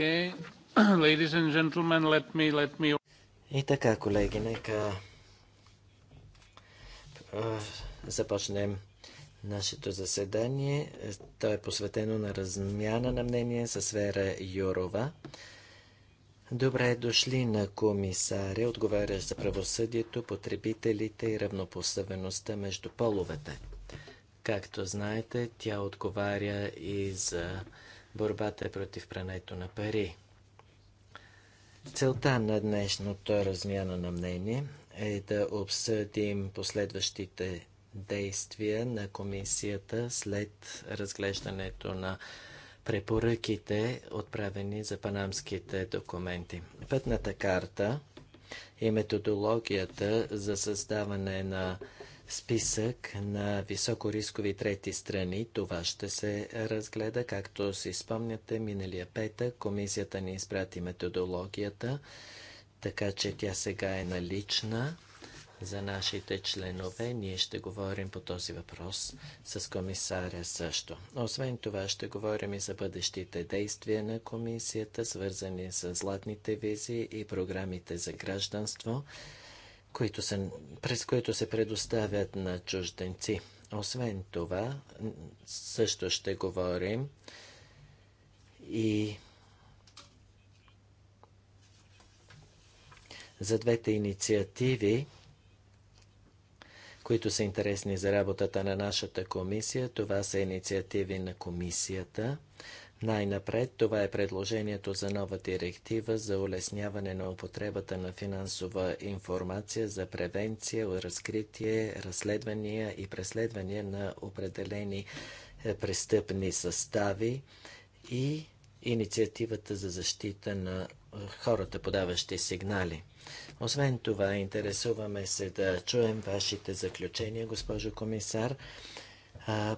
И така, колеги, нека започнем нашето заседание. То е посветено на размяна на мнение с Вера Юрова. Добре дошли на комисаря, отговарящ за правосъдието, потребителите и равнопоставеността между половете. Както знаете, тя отговаря и за борбата е против прането на пари. Целта на днешното размяна на мнение е да обсъдим последващите действия на комисията след разглеждането на препоръките, отправени за панамските документи. Пътната карта и методологията за създаване на списък на високорискови трети страни. Това ще се разгледа. Както си спомняте, миналия петък комисията ни изпрати методологията, така че тя сега е налична за нашите членове. Ние ще говорим по този въпрос с комисаря също. Освен това ще говорим и за бъдещите действия на комисията, свързани с златните визи и програмите за гражданство които се, през които се предоставят на чужденци. Освен това, също ще говорим и за двете инициативи, които са интересни за работата на нашата комисия. Това са инициативи на комисията – най-напред това е предложението за нова директива за улесняване на употребата на финансова информация за превенция, разкритие, разследвания и преследвания на определени е, престъпни състави и инициативата за защита на е, хората, подаващи сигнали. Освен това, интересуваме се да чуем вашите заключения, госпожо комисар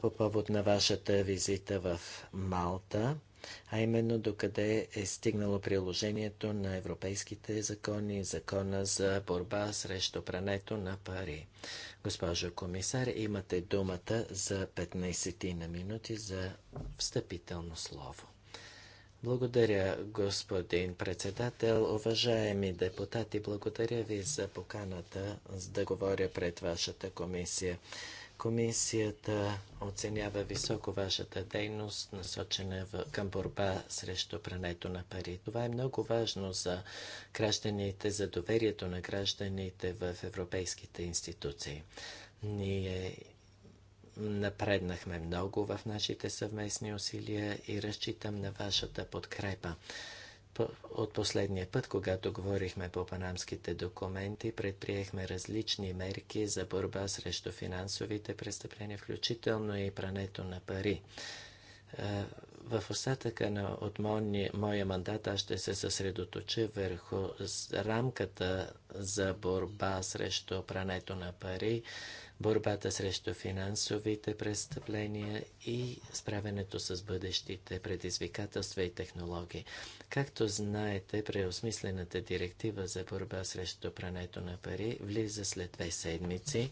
по повод на вашата визита в Малта, а именно докъде е стигнало приложението на европейските закони, закона за борба срещу прането на пари. Госпожо комисар, имате думата за 15 на минути за встъпително слово. Благодаря, господин председател. Уважаеми депутати, благодаря ви за поканата да говоря пред вашата комисия. Комисията оценява високо вашата дейност, насочена към борба срещу прането на пари. Това е много важно за гражданите, за доверието на гражданите в европейските институции. Ние напреднахме много в нашите съвместни усилия и разчитам на вашата подкрепа от последния път, когато говорихме по панамските документи, предприехме различни мерки за борба срещу финансовите престъпления, включително и прането на пари. Е, в остатъка на, от моя мандат аз ще се съсредоточа върху рамката за борба срещу прането на пари, борбата срещу финансовите престъпления и справянето с бъдещите предизвикателства и технологии. Както знаете, преосмислената директива за борба срещу прането на пари влиза след две седмици.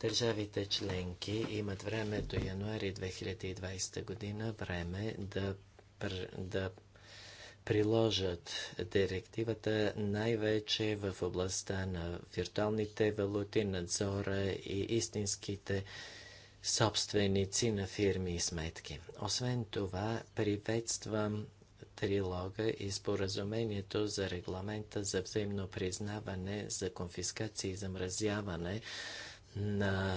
Държавите членки имат време до януари 2020 година време да, да приложат директивата най-вече в областта на виртуалните валути, надзора и истинските собственици на фирми и сметки. Освен това, приветствам трилога и споразумението за регламента за взаимно признаване за конфискация и замразяване на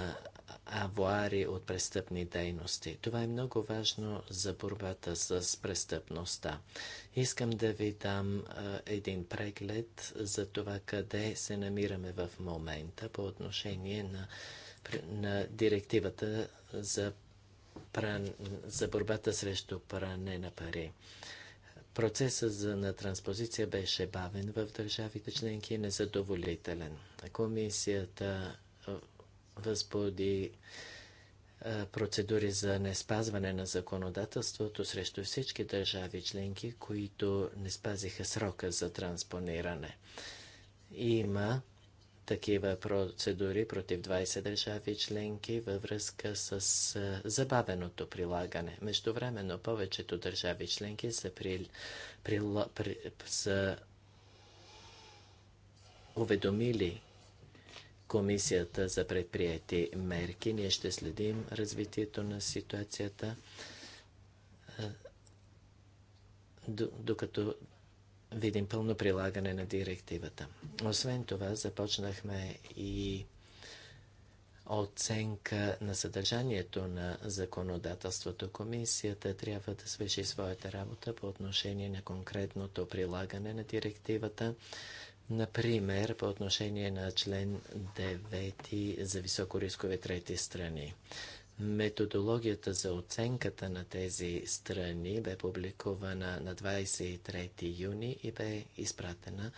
авуари от престъпни дейности. Това е много важно за борбата с престъпността. Искам да ви дам а, един преглед за това къде се намираме в момента по отношение на, на директивата за, пран, за борбата срещу пране на пари. Процесът на транспозиция беше бавен в държавите членки и незадоволителен. Комисията възбуди процедури за неспазване на законодателството срещу всички държави членки, които не спазиха срока за транспониране. Има такива процедури против 20 държави членки във връзка с забавеното прилагане. Междувременно повечето държави членки са, при, при, при, са уведомили комисията за предприяти мерки. Ние ще следим развитието на ситуацията, докато видим пълно прилагане на директивата. Освен това, започнахме и оценка на съдържанието на законодателството. Комисията трябва да свърши своята работа по отношение на конкретното прилагане на директивата. Например, по отношение на член 9 за високорискови трети страни. Методологията за оценката на тези страни бе публикувана на 23 юни и бе изпратена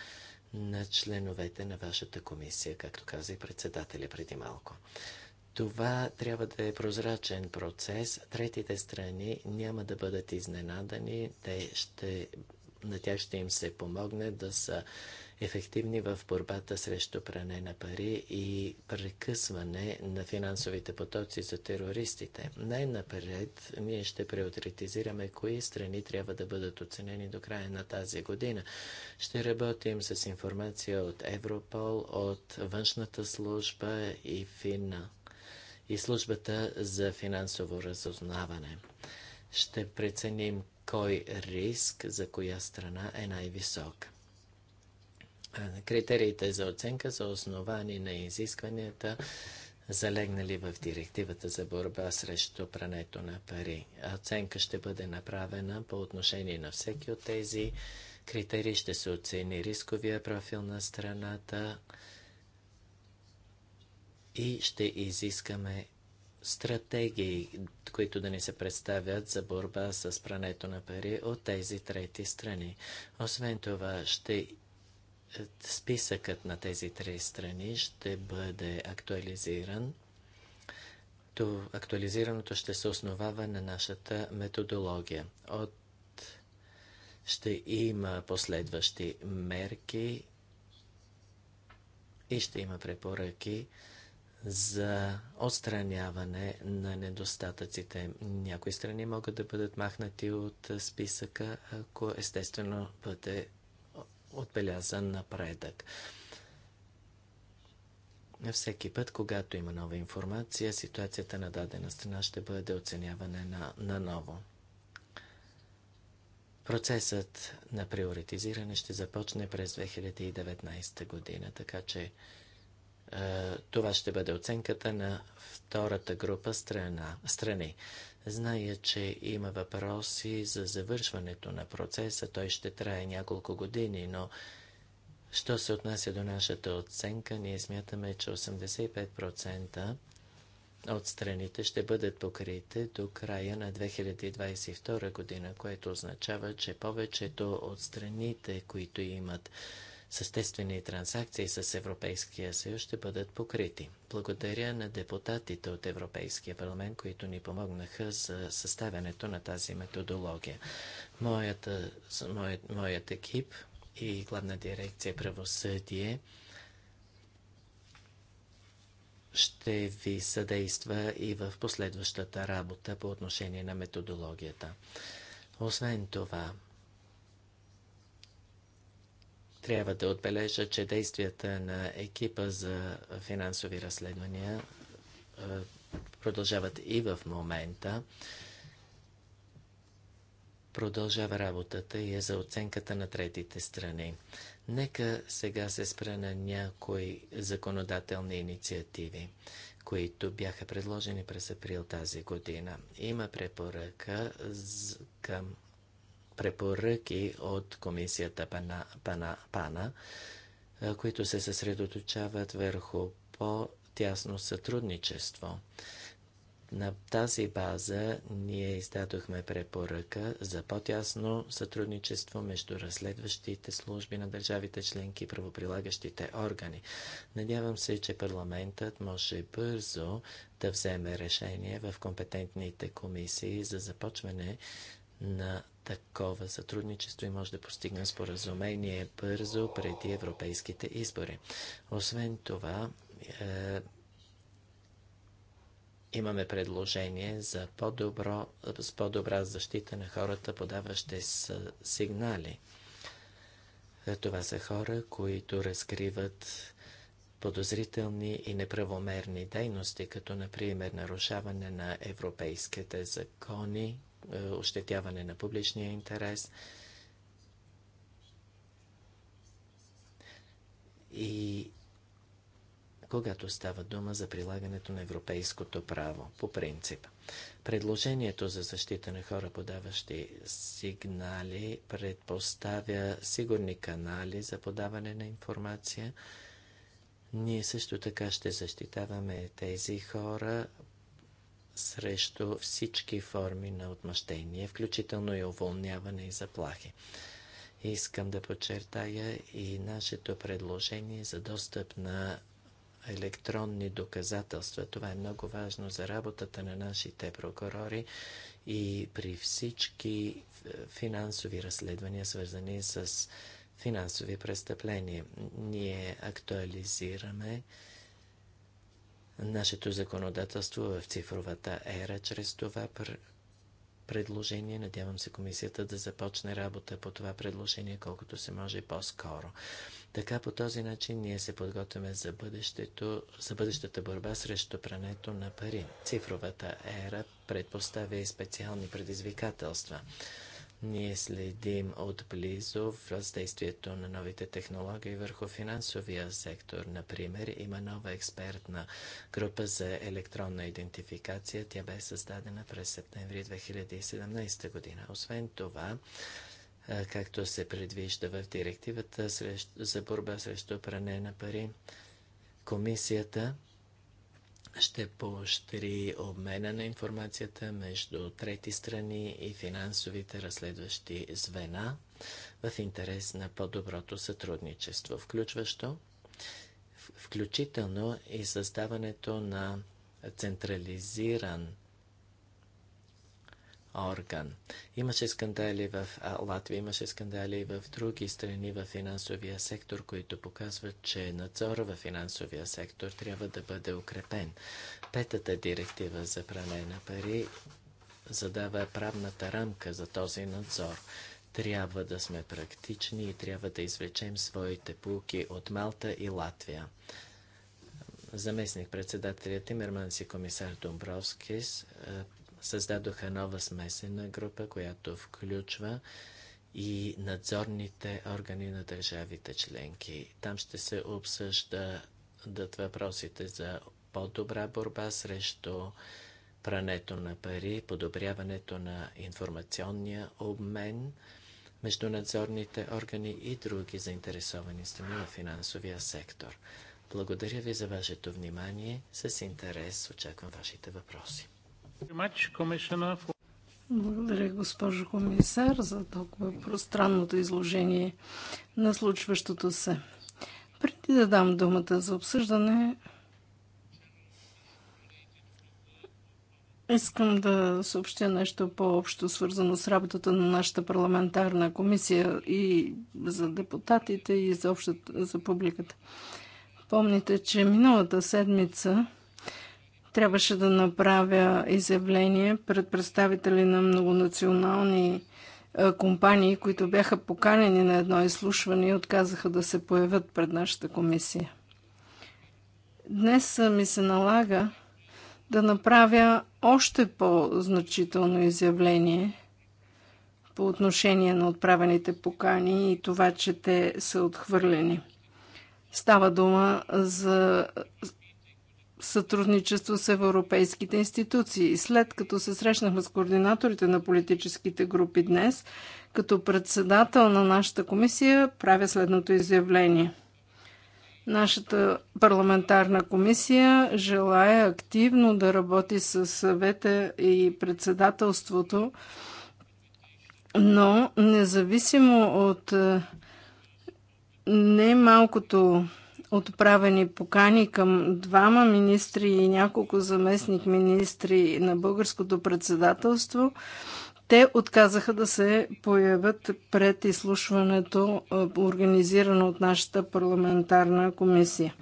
на членовете на вашата комисия, както каза и председателя преди малко. Това трябва да е прозрачен процес. Третите страни няма да бъдат изненадани. Те ще, на тях ще им се помогне да са ефективни в борбата срещу пране на пари и прекъсване на финансовите потоци за терористите. Най-напред ние ще приоритизираме кои страни трябва да бъдат оценени до края на тази година. Ще работим с информация от Европол, от външната служба и ФИНА и службата за финансово разузнаване. Ще преценим кой риск за коя страна е най-висок. Критериите за оценка са основани на изискванията, залегнали в директивата за борба срещу прането на пари. Оценка ще бъде направена по отношение на всеки от тези критерии. Ще се оцени рисковия профил на страната и ще изискаме стратегии, които да ни се представят за борба с прането на пари от тези трети страни. Освен това, ще списъкът на тези три страни ще бъде актуализиран. То актуализираното ще се основава на нашата методология. От ще има последващи мерки и ще има препоръки за отстраняване на недостатъците. Някои страни могат да бъдат махнати от списъка, ако естествено бъде отбелязан напредък. Всеки път, когато има нова информация, ситуацията на дадена страна ще бъде оценявана на, на ново. Процесът на приоритизиране ще започне през 2019 година, така че е, това ще бъде оценката на втората група страна, страни. Зная, че има въпроси за завършването на процеса. Той ще трае няколко години, но що се отнася до нашата оценка, ние смятаме, че 85% от страните ще бъдат покрити до края на 2022 година, което означава, че повечето от страните, които имат съществени транзакции с Европейския съюз ще бъдат покрити. Благодаря на депутатите от Европейския парламент, които ни помогнаха за съставянето на тази методология. Моята, моят, моят екип и главна дирекция правосъдие ще ви съдейства и в последващата работа по отношение на методологията. Освен това, трябва да отбележа, че действията на екипа за финансови разследвания е, продължават и в момента. Продължава работата и е за оценката на третите страни. Нека сега се спра на някои законодателни инициативи, които бяха предложени през април тази година. Има препоръка към препоръки от комисията Пана, Пана, Пана които се съсредоточават върху по-тясно сътрудничество. На тази база ние издадохме препоръка за по-тясно сътрудничество между разследващите служби на държавите членки и правоприлагащите органи. Надявам се, че парламентът може бързо да вземе решение в компетентните комисии за започване на такова сътрудничество и може да постигне споразумение бързо преди европейските избори. Освен това, е, имаме предложение за по-добро, с по-добра защита на хората, подаващи сигнали. Е, това са хора, които разкриват подозрителни и неправомерни дейности, като например нарушаване на европейските закони, е, ощетяване на публичния интерес. И когато става дума за прилагането на европейското право, по принцип. Предложението за защита на хора, подаващи сигнали, предпоставя сигурни канали за подаване на информация. Ние също така ще защитаваме тези хора срещу всички форми на отмъщение, включително и уволняване и заплахи. Искам да подчертая и нашето предложение за достъп на електронни доказателства. Това е много важно за работата на нашите прокурори и при всички е, финансови разследвания, свързани с финансови престъпления. Ние актуализираме нашето законодателство е в цифровата ера. Чрез това пр предложение надявам се комисията да започне работа по това предложение колкото се може по-скоро. Така по този начин ние се подготвяме за, бъдещето, за бъдещата борба срещу прането на пари. Цифровата ера предпоставя и специални предизвикателства. Ние следим отблизо въздействието на новите технологии върху финансовия сектор. Например, има нова експертна група за електронна идентификация. Тя бе създадена през септември 2017 година. Освен това, както се предвижда в директивата за борба срещу пране на пари, комисията ще поощри обмена на информацията между трети страни и финансовите разследващи звена в интерес на по-доброто сътрудничество, включващо включително и създаването на централизиран орган. Имаше скандали в Латвия, имаше скандали и в други страни в финансовия сектор, които показват, че надзора в финансовия сектор трябва да бъде укрепен. Петата директива за пране на пари задава правната рамка за този надзор. Трябва да сме практични и трябва да извлечем своите пулки от Малта и Латвия. Заместник председателят Тимерманс и комисар Домбровскис създадоха нова смесена група, която включва и надзорните органи на държавите членки. Там ще се обсъждат въпросите за по-добра борба срещу прането на пари, подобряването на информационния обмен между надзорните органи и други заинтересовани страни в финансовия сектор. Благодаря ви за вашето внимание. С интерес очаквам вашите въпроси. Благодаря, госпожо комисар, за толкова пространното изложение на случващото се. Преди да дам думата за обсъждане, Искам да съобщя нещо по-общо, свързано с работата на нашата парламентарна комисия и за депутатите, и за, общата, за публиката. Помните, че миналата седмица трябваше да направя изявление пред представители на многонационални компании, които бяха поканени на едно изслушване и отказаха да се появят пред нашата комисия. Днес ми се налага да направя още по-значително изявление по отношение на отправените покани и това, че те са отхвърлени. Става дума за сътрудничество с европейските институции. След като се срещнахме с координаторите на политическите групи днес, като председател на нашата комисия правя следното изявление. Нашата парламентарна комисия желая активно да работи с съвета и председателството, но независимо от немалкото малкото отправени покани към двама министри и няколко заместник министри на българското председателство, те отказаха да се появят пред изслушването, е, организирано от нашата парламентарна комисия.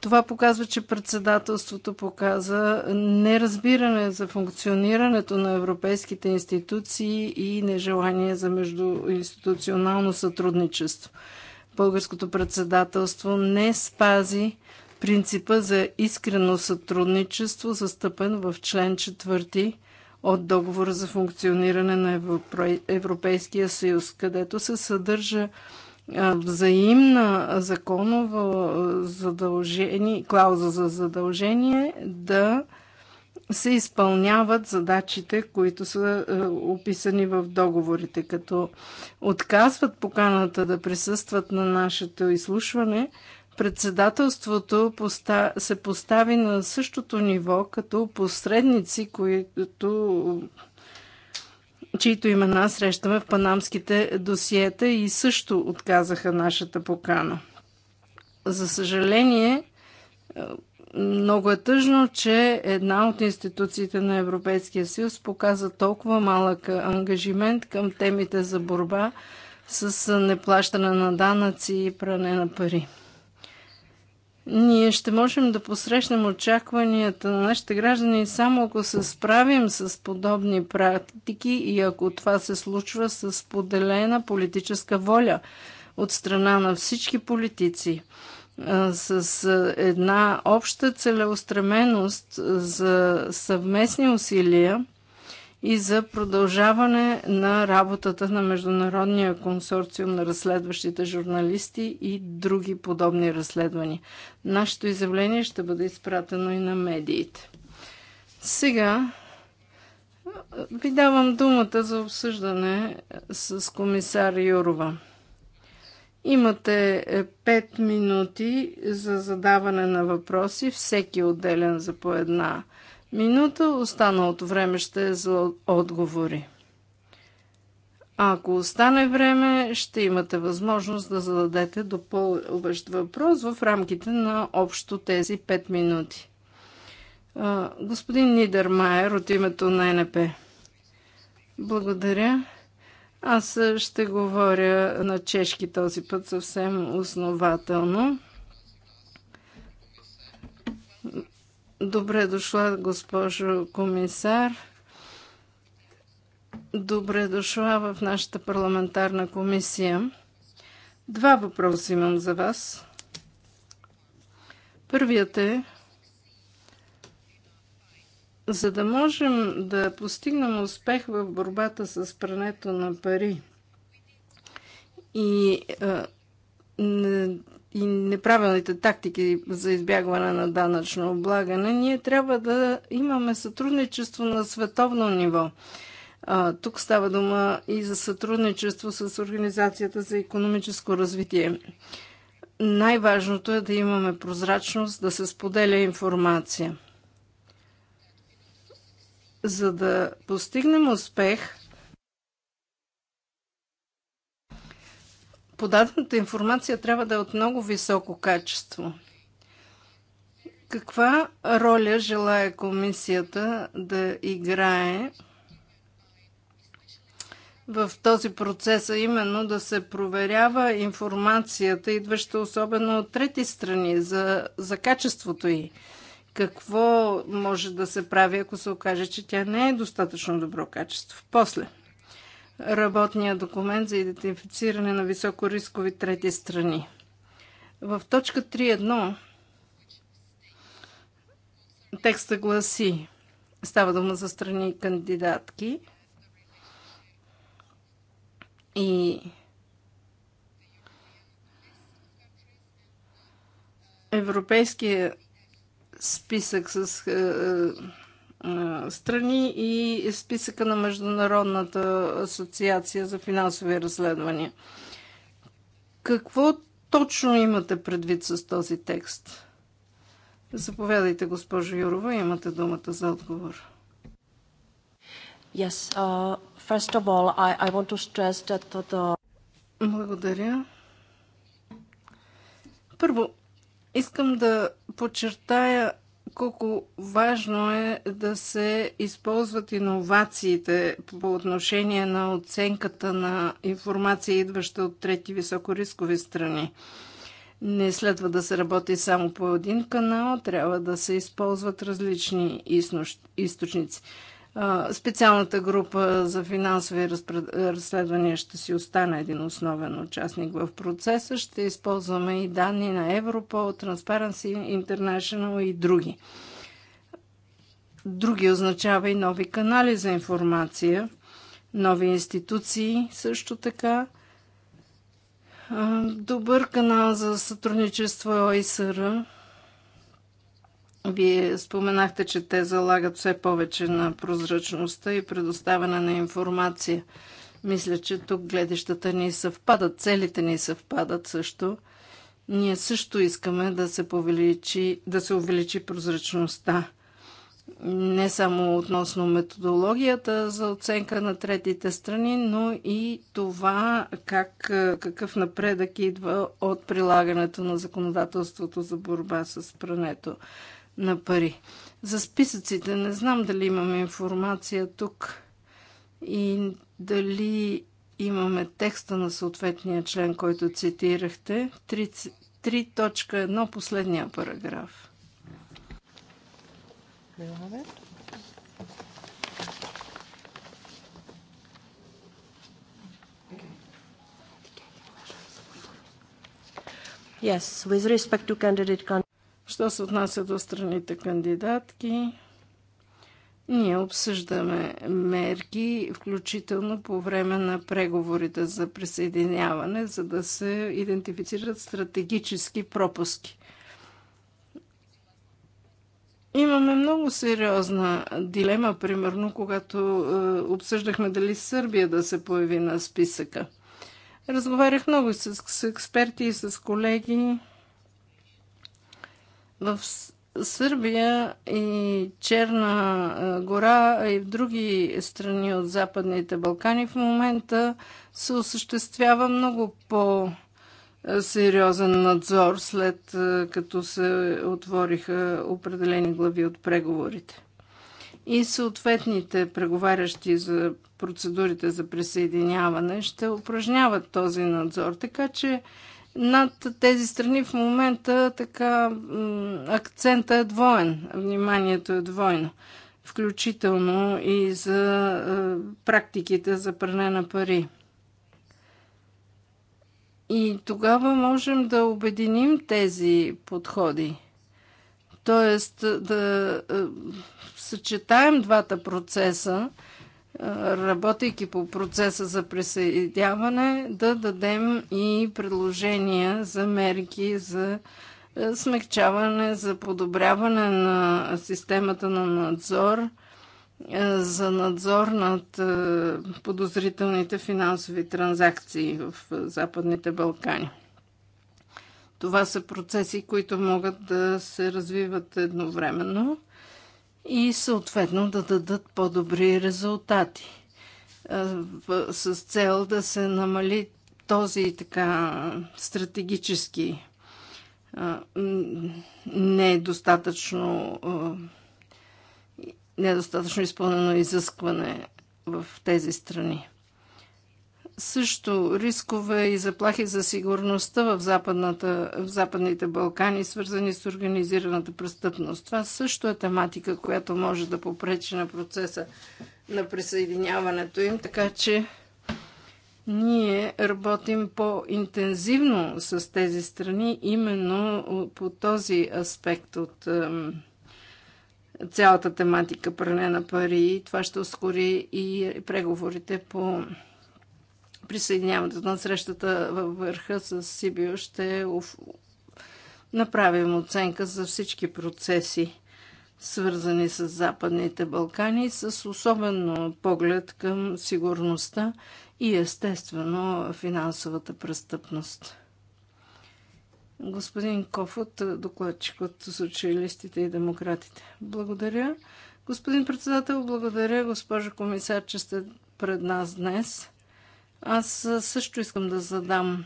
Това показва, че председателството показа неразбиране за функционирането на европейските институции и нежелание за междуинституционално сътрудничество. Българското председателство не спази принципа за искрено сътрудничество, застъпен в член 4 от договора за функциониране на Европейския съюз, където се съдържа взаимна законова задължение, клауза за задължение да се изпълняват задачите, които са е, описани в договорите. Като отказват поканата да присъстват на нашето изслушване, председателството се постави на същото ниво като посредници, които чието имена срещаме в панамските досиета и също отказаха нашата покана. За съжаление, е, много е тъжно, че една от институциите на Европейския съюз показа толкова малък ангажимент към темите за борба с неплащане на данъци и пране на пари. Ние ще можем да посрещнем очакванията на нашите граждани само ако се справим с подобни практики и ако това се случва с поделена политическа воля от страна на всички политици с една обща целеустременост за съвместни усилия и за продължаване на работата на Международния консорциум на разследващите журналисти и други подобни разследвания. Нашето изявление ще бъде изпратено и на медиите. Сега ви давам думата за обсъждане с комисар Юрова. Имате 5 е, минути за задаване на въпроси, всеки е отделен за по една минута. Останалото време ще е за отговори. Ако остане време, ще имате възможност да зададете допълващ въпрос в рамките на общо тези 5 минути. Господин Нидермайер от името на НП. Благодаря. Аз е, ще говоря на чешки този път съвсем основателно. Добре дошла, госпожо комисар. Добре дошла в нашата парламентарна комисия. Два въпроса имам за вас. Първият е за да можем да постигнем успех в борбата с прането на пари и, и неправилните тактики за избягване на данъчно облагане, ние трябва да имаме сътрудничество на световно ниво. тук става дума и за сътрудничество с Организацията за економическо развитие. Най-важното е да имаме прозрачност, да се споделя информация за да постигнем успех, подадената информация трябва да е от много високо качество. Каква роля желая комисията да играе в този процес, а именно да се проверява информацията, идваща особено от трети страни, за, за качеството й? какво може да се прави, ако се окаже, че тя не е достатъчно добро качество. После, работния документ за идентифициране на високорискови трети страни. В точка 3.1 текста гласи, става дума за страни кандидатки и Европейския списък с е, е, е, страни и списъка на Международната асоциация за финансови разследвания. Какво точно имате предвид с този текст? Заповядайте, госпожо Юрова, имате думата за отговор. Yes, uh, first of all, I, I want to stress that the... Благодаря. Първо, Искам да подчертая колко важно е да се използват иновациите по отношение на оценката на информация, идваща от трети високорискови страни. Не следва да се работи само по един канал, трябва да се използват различни източници. Специалната група за финансови разследвания ще си остане един основен участник в процеса. Ще използваме и данни на Европол, Transparency International и други. Други означава и нови канали за информация, нови институции също така. Добър канал за сътрудничество е ОИСР вие споменахте, че те залагат все повече на прозрачността и предоставяне на информация. Мисля, че тук гледащата ни съвпадат, целите ни съвпадат също. Ние също искаме да се, повеличи, да се увеличи прозрачността. Не само относно методологията за оценка на третите страни, но и това как, какъв напредък идва от прилагането на законодателството за борба с прането на пари. За списъците не знам дали имаме информация тук и дали имаме текста на съответния член, който цитирахте. 3.1, последния параграф. Yes, with respect to candidate Що се отнася до страните кандидатки, ние обсъждаме мерки, включително по време на преговорите за присъединяване, за да се идентифицират стратегически пропуски. Имаме много сериозна дилема, примерно, когато е, обсъждахме дали Сърбия да се появи на списъка. Разговарях много с, с експерти и с колеги. В Сърбия и Черна гора и в други страни от Западните Балкани в момента се осъществява много по- сериозен надзор, след като се отвориха определени глави от преговорите. И съответните преговарящи за процедурите за присъединяване ще упражняват този надзор. Така че над тези страни в момента така акцента е двоен, вниманието е двойно, включително и за е, практиките за пране на пари. И тогава можем да обединим тези подходи. т.е. да е, съчетаем двата процеса, работейки по процеса за присъединяване, да дадем и предложения за мерки за е, смягчаване, за подобряване на системата на надзор, е, за надзор над е, подозрителните финансови транзакции в Западните Балкани. Това са процеси, които могат да се развиват едновременно и съответно да дадат по-добри резултати с цел да се намали този така стратегически недостатъчно недостатъчно изпълнено изискване в тези страни също рискове и заплахи за сигурността в, западната, в Западните Балкани, свързани с организираната престъпност. Това също е тематика, която може да попречи на процеса на присъединяването им, така че ние работим по-интензивно с тези страни, именно по този аспект от цялата тематика пране на пари. Това ще ускори и преговорите по присъединяването на срещата във върха с Сибио ще направим оценка за всички процеси, свързани с Западните Балкани, с особено поглед към сигурността и естествено финансовата престъпност. Господин Кофът, докладчик от социалистите и демократите. Благодаря. Господин председател, благодаря, госпожа комисар, че сте пред нас днес. Аз също искам да задам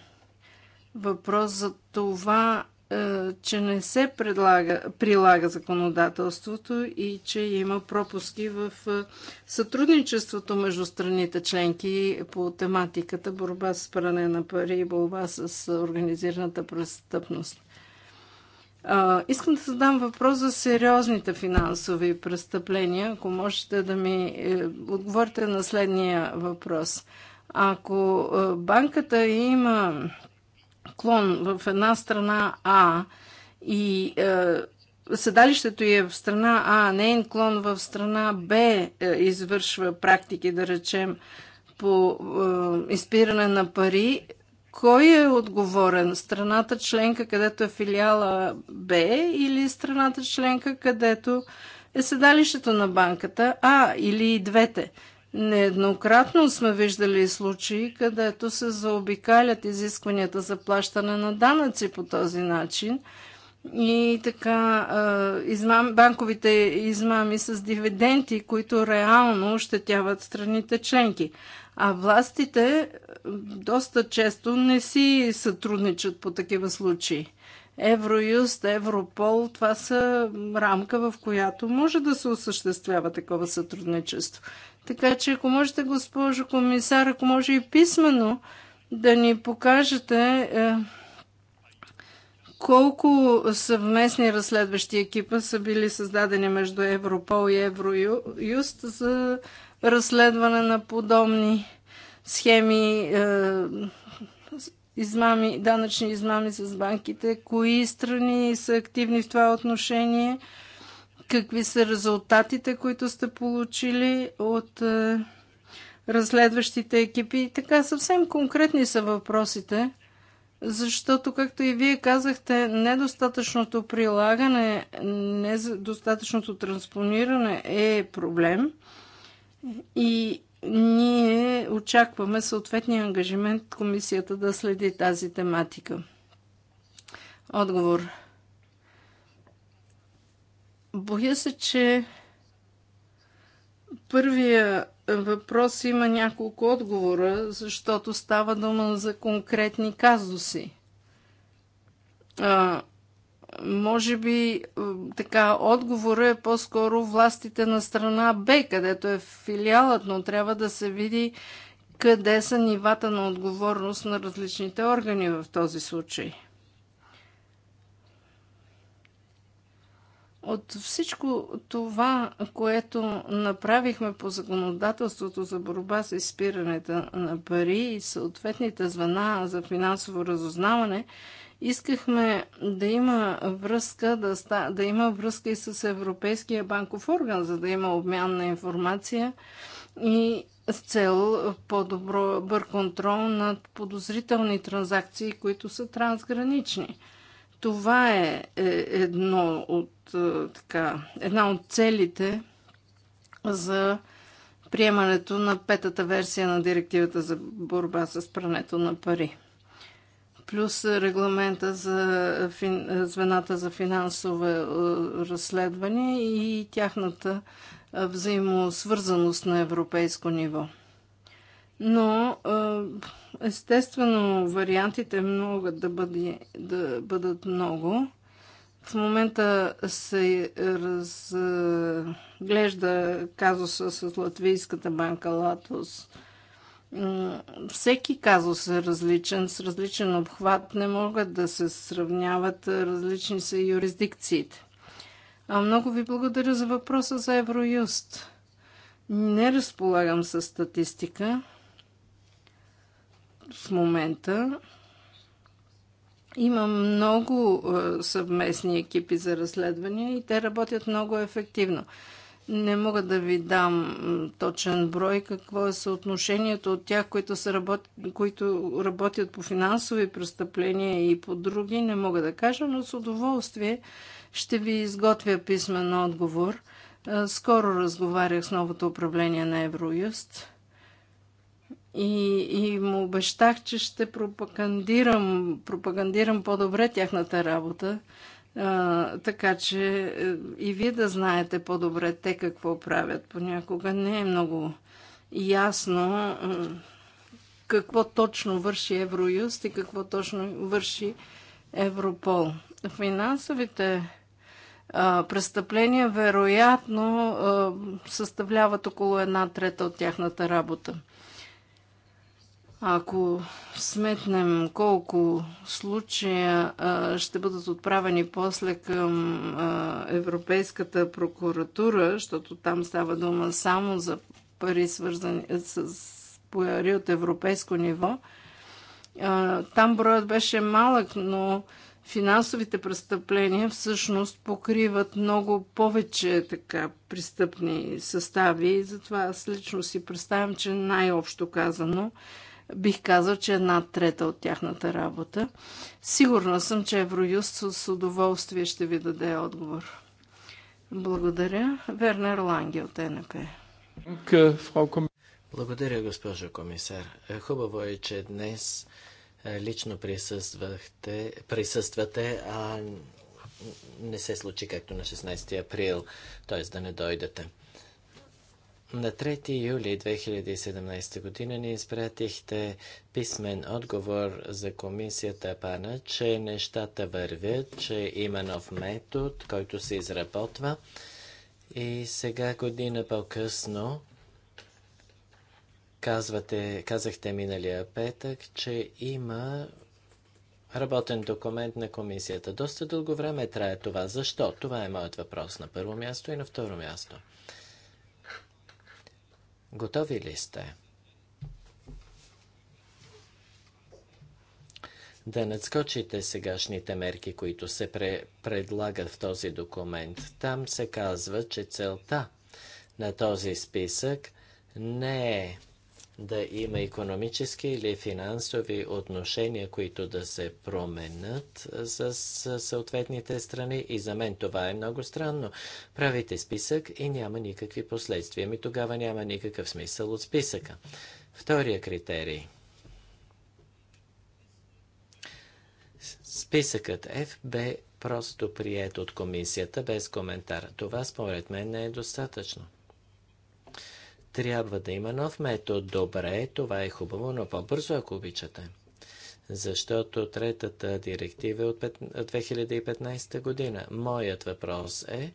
въпрос за това, че не се предлага, прилага законодателството и че има пропуски в сътрудничеството между страните членки по тематиката борба с пране на пари и борба с организираната престъпност. Искам да задам въпрос за сериозните финансови престъпления. Ако можете да ми е, отговорите на следния въпрос – ако е, банката има клон в една страна А и е, седалището е в страна А, а нейн клон в страна Б е, извършва практики, да речем, по изпиране на пари, кой е отговорен? Страната членка, където е филиала Б или страната членка, където е седалището на банката А или и двете? Нееднократно сме виждали случаи, където се заобикалят изискванията за плащане на данъци по този начин и така измам, банковите измами с дивиденти, които реално ощетяват страните членки. А властите доста често не си сътрудничат по такива случаи. Евроюст, Европол, това са рамка, в която може да се осъществява такова сътрудничество. Така че ако можете, госпожо комисар, ако може и писменно да ни покажете е, колко съвместни разследващи екипа са били създадени между Европол и Евроюст за разследване на подобни схеми, е, измами, данъчни измами с банките, кои страни са активни в това отношение – какви са резултатите, които сте получили от е, разследващите екипи. И така съвсем конкретни са въпросите, защото, както и вие казахте, недостатъчното прилагане, недостатъчното транспониране е проблем и ние очакваме съответния ангажимент комисията да следи тази тематика. Отговор. Боя се, че първия въпрос има няколко отговора, защото става дума за конкретни казуси. А, може би така отговора е по-скоро властите на страна Б, където е филиалът, но трябва да се види къде са нивата на отговорност на различните органи в този случай. От всичко това, което направихме по законодателството за борба с изпирането на пари и съответните звена за финансово разузнаване, искахме да има връзка, да, ста, да има връзка и с Европейския банков орган, за да има обмян на информация и с цел по-добър контрол над подозрителни транзакции, които са трансгранични – това е, е едно от, е, така, една от целите за приемането на петата версия на директивата за борба с прането на пари. Плюс регламента за фин... звената за финансове разследване и тяхната взаимосвързаност на европейско ниво но естествено вариантите могат да, бъде, да бъдат много. В момента се разглежда казуса с Латвийската банка Латус. Всеки казус е различен, с различен обхват. Не могат да се сравняват, различни са юрисдикциите. А много ви благодаря за въпроса за Евроюст. Не разполагам с статистика в момента. Има много е, съвместни екипи за разследвания и те работят много ефективно. Не мога да ви дам точен брой какво е съотношението от тях, които, са работ... които работят по финансови престъпления и по други. Не мога да кажа, но с удоволствие ще ви изготвя писмен отговор. Е, скоро разговарях с новото управление на Евроюст и, и му обещах, че ще пропагандирам, пропагандирам по-добре тяхната работа, а, така че е, и вие да знаете по-добре те какво правят. Понякога не е много ясно какво точно върши Евроюст и какво точно върши Европол. Финансовите а, престъпления вероятно а, съставляват около една трета от тяхната работа. Ако сметнем колко случая ще бъдат отправени после към Европейската прокуратура, защото там става дума само за пари, свързани с пари от европейско ниво, там броят беше малък, но финансовите престъпления всъщност покриват много повече така престъпни състави. Затова аз лично си представям, че най-общо казано – бих казал, че една трета от тяхната работа. Сигурна съм, че Евроюст с удоволствие ще ви даде отговор. Благодаря. Вернер Ланге от НП. Благодаря, госпожо комисар. Хубаво е, че днес лично присъствахте, присъствате, а не се случи както на 16 април, т.е. да не дойдете. На 3 юли 2017 година ни изпратихте писмен отговор за комисията ПАНА, че нещата вървят, че има нов метод, който се изработва. И сега година по-късно казвате, казахте миналия петък, че има работен документ на комисията. Доста дълго време трае това. Защо? Това е моят въпрос на първо място и на второ място. Готови ли сте? да надскочите сегашните мерки, които се пре предлагат в този документ. Там се казва, че целта на този списък не е да има економически или финансови отношения, които да се променят с съответните страни. И за мен това е много странно. Правите списък и няма никакви последствия. Ми тогава няма никакъв смисъл от списъка. Втория критерий. Списъкът F бе просто прият от комисията без коментар. Това според мен не е достатъчно. Трябва да има нов метод. Добре, това е хубаво, но по-бързо, ако обичате. Защото третата директива е от 2015 година. Моят въпрос е,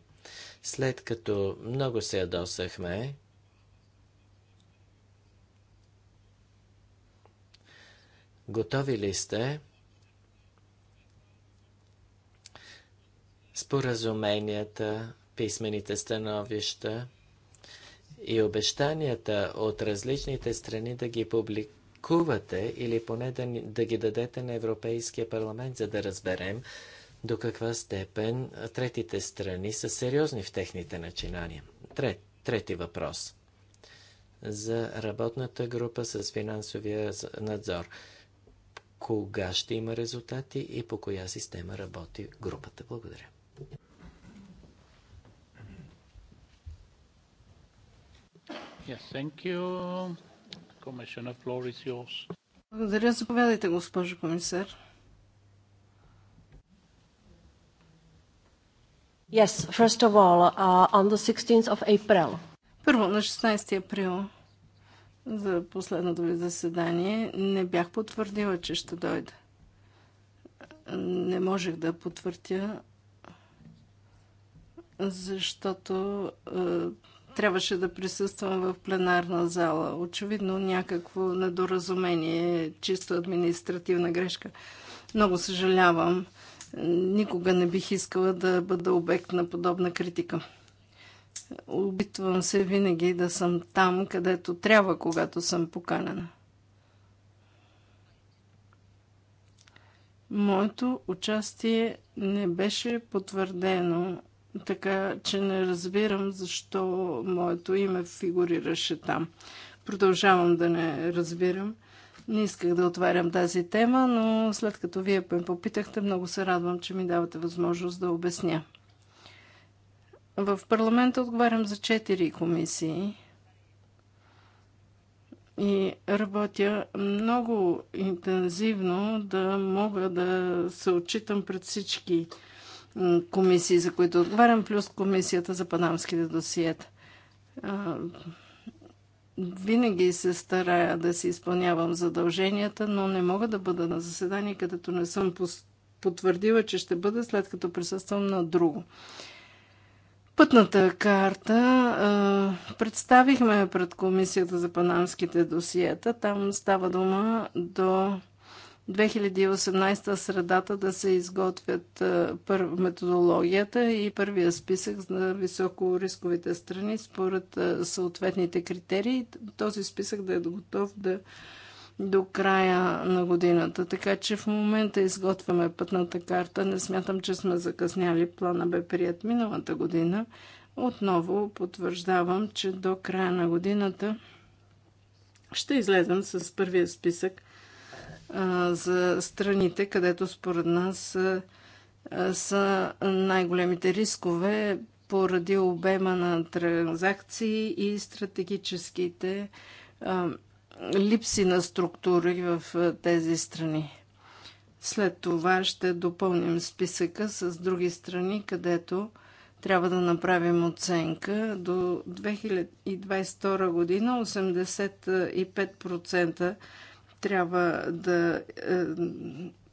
след като много се ядосахме, готови ли сте споразуменията, писмените становища и обещанията от различните страни да ги публикувате или поне да, да ги дадете на Европейския парламент, за да разберем до каква степен третите страни са сериозни в техните начинания. Трет, трети въпрос за работната група с финансовия надзор. Кога ще има резултати и по коя система работи групата? Благодаря. Yes, thank you. Commissioner floor is yours. Благодаря. Заповядайте, госпожо комисар. Yes, first of all, uh, on the 16th of April. Първо, на 16 април за последното ви заседание не бях потвърдила, че ще дойда. Не можех да потвърдя, защото трябваше да присъствам в пленарна зала. Очевидно някакво недоразумение, чисто административна грешка. Много съжалявам. Никога не бих искала да бъда обект на подобна критика. Обитвам се винаги да съм там, където трябва, когато съм поканена. Моето участие не беше потвърдено така че не разбирам защо моето име фигурираше там. Продължавам да не разбирам. Не исках да отварям тази тема, но след като вие ме попитахте, много се радвам, че ми давате възможност да обясня. В парламента отговарям за четири комисии и работя много интензивно да мога да се отчитам пред всички комисии, за които отговарям, плюс комисията за панамските досиета. Винаги се старая да си изпълнявам задълженията, но не мога да бъда на заседание, където не съм потвърдила, че ще бъда, след като присъствам на друго. Пътната карта представихме пред Комисията за панамските досиета. Там става дума до 2018 средата да се изготвят е, методологията и първия списък на високорисковите страни според е, съответните критерии. Този списък да е готов да, до края на годината. Така че в момента изготвяме пътната карта. Не смятам, че сме закъсняли. Плана бе прият миналата година. Отново потвърждавам, че до края на годината ще излезем с първия списък за страните, където според нас са най-големите рискове поради обема на транзакции и стратегическите липси на структури в тези страни. След това ще допълним списъка с други страни, където трябва да направим оценка. До 2022 година 85% трябва да е,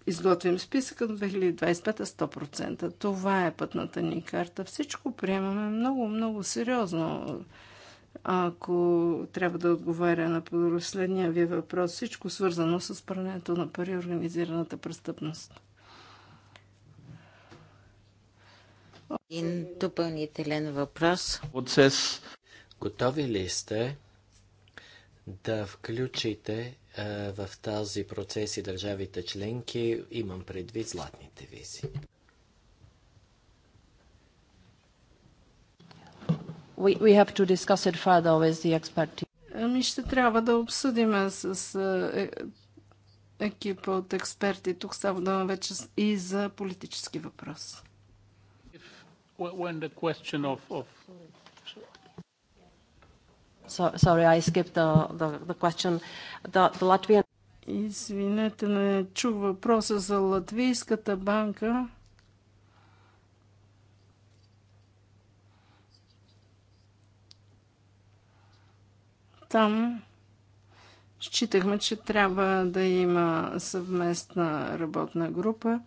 изготвим списъка до 2025 100%. Това е пътната ни карта. Всичко приемаме много, много сериозно. Ако трябва да отговаря на последния ви въпрос, всичко свързано с прането на пари и организираната престъпност. Един допълнителен въпрос. Процес. Готови ли сте да включите в тази процес и държавите членки, имам предвид златните визи. We, we have to discuss it further with the expert Ами ще трябва да обсъдим с е, екипа от експерти. Тук става дума вече и за политически въпрос sorry, I skipped the, the, the question. The, the Latvian... Извинете, не чух въпроса за Латвийската банка. Там считахме, че трябва да има съвместна работна група.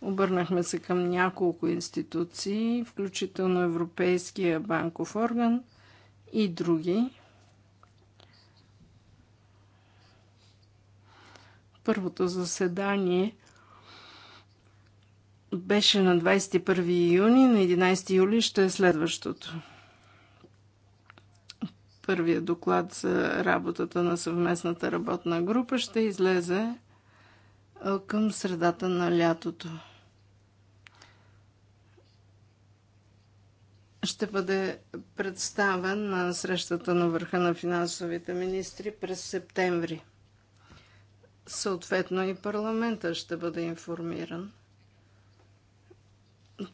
Обърнахме се към няколко институции, включително Европейския банков орган и други. Първото заседание беше на 21 юни, на 11 юли ще е следващото. Първият доклад за работата на съвместната работна група ще излезе към средата на лятото. Ще бъде представен на срещата на върха на финансовите министри през септември. Съответно и парламента ще бъде информиран.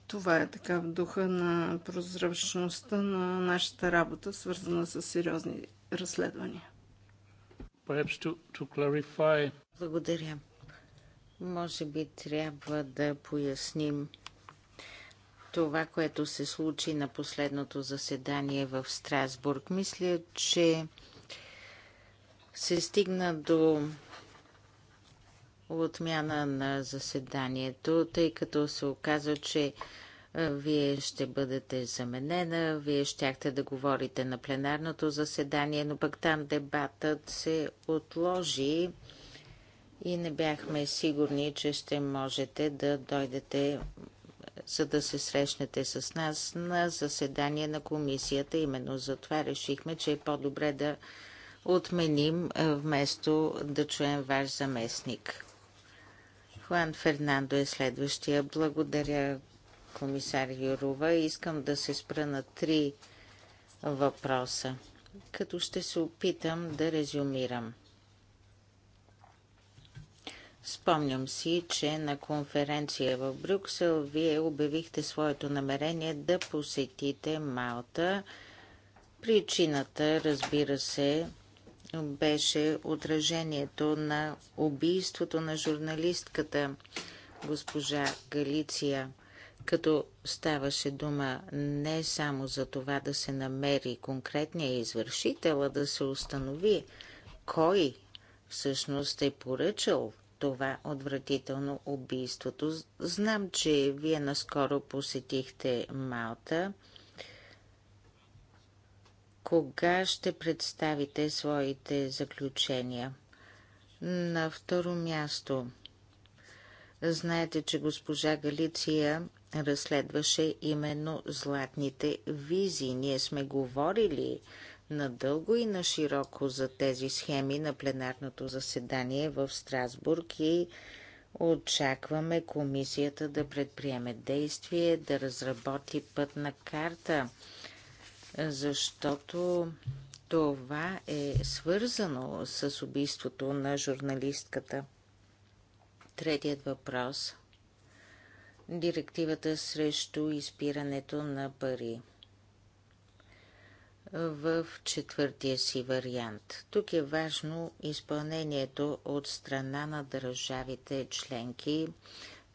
Това е така в духа на прозрачността на нашата работа, свързана с сериозни разследвания. Благодаря. Може би трябва да поясним това, което се случи на последното заседание в Страсбург. Мисля, че се стигна до отмяна на заседанието, тъй като се оказа, че вие ще бъдете заменена, вие щяхте да говорите на пленарното заседание, но пък там дебатът се отложи и не бяхме сигурни, че ще можете да дойдете за да се срещнете с нас на заседание на комисията. Именно за това решихме, че е по-добре да отменим, е, вместо да чуем ваш заместник. Хуан Фернандо е следващия. Благодаря, комисар Юрова. Искам да се спра на три въпроса, като ще се опитам да резюмирам. Спомням си, че на конференция в Брюксел вие обявихте своето намерение да посетите Малта. Причината, разбира се, беше отражението на убийството на журналистката госпожа Галиция, като ставаше дума не само за това да се намери конкретния извършител, а да се установи кой всъщност е поръчал това отвратително убийството. Знам, че вие наскоро посетихте Малта. Кога ще представите своите заключения? На второ място. Знаете, че госпожа Галиция разследваше именно златните визи. Ние сме говорили надълго и на широко за тези схеми на пленарното заседание в Страсбург и очакваме комисията да предприеме действие, да разработи пътна карта, защото това е свързано с убийството на журналистката. Третият въпрос – директивата срещу изпирането на пари в четвъртия си вариант. Тук е важно изпълнението от страна на държавите членки,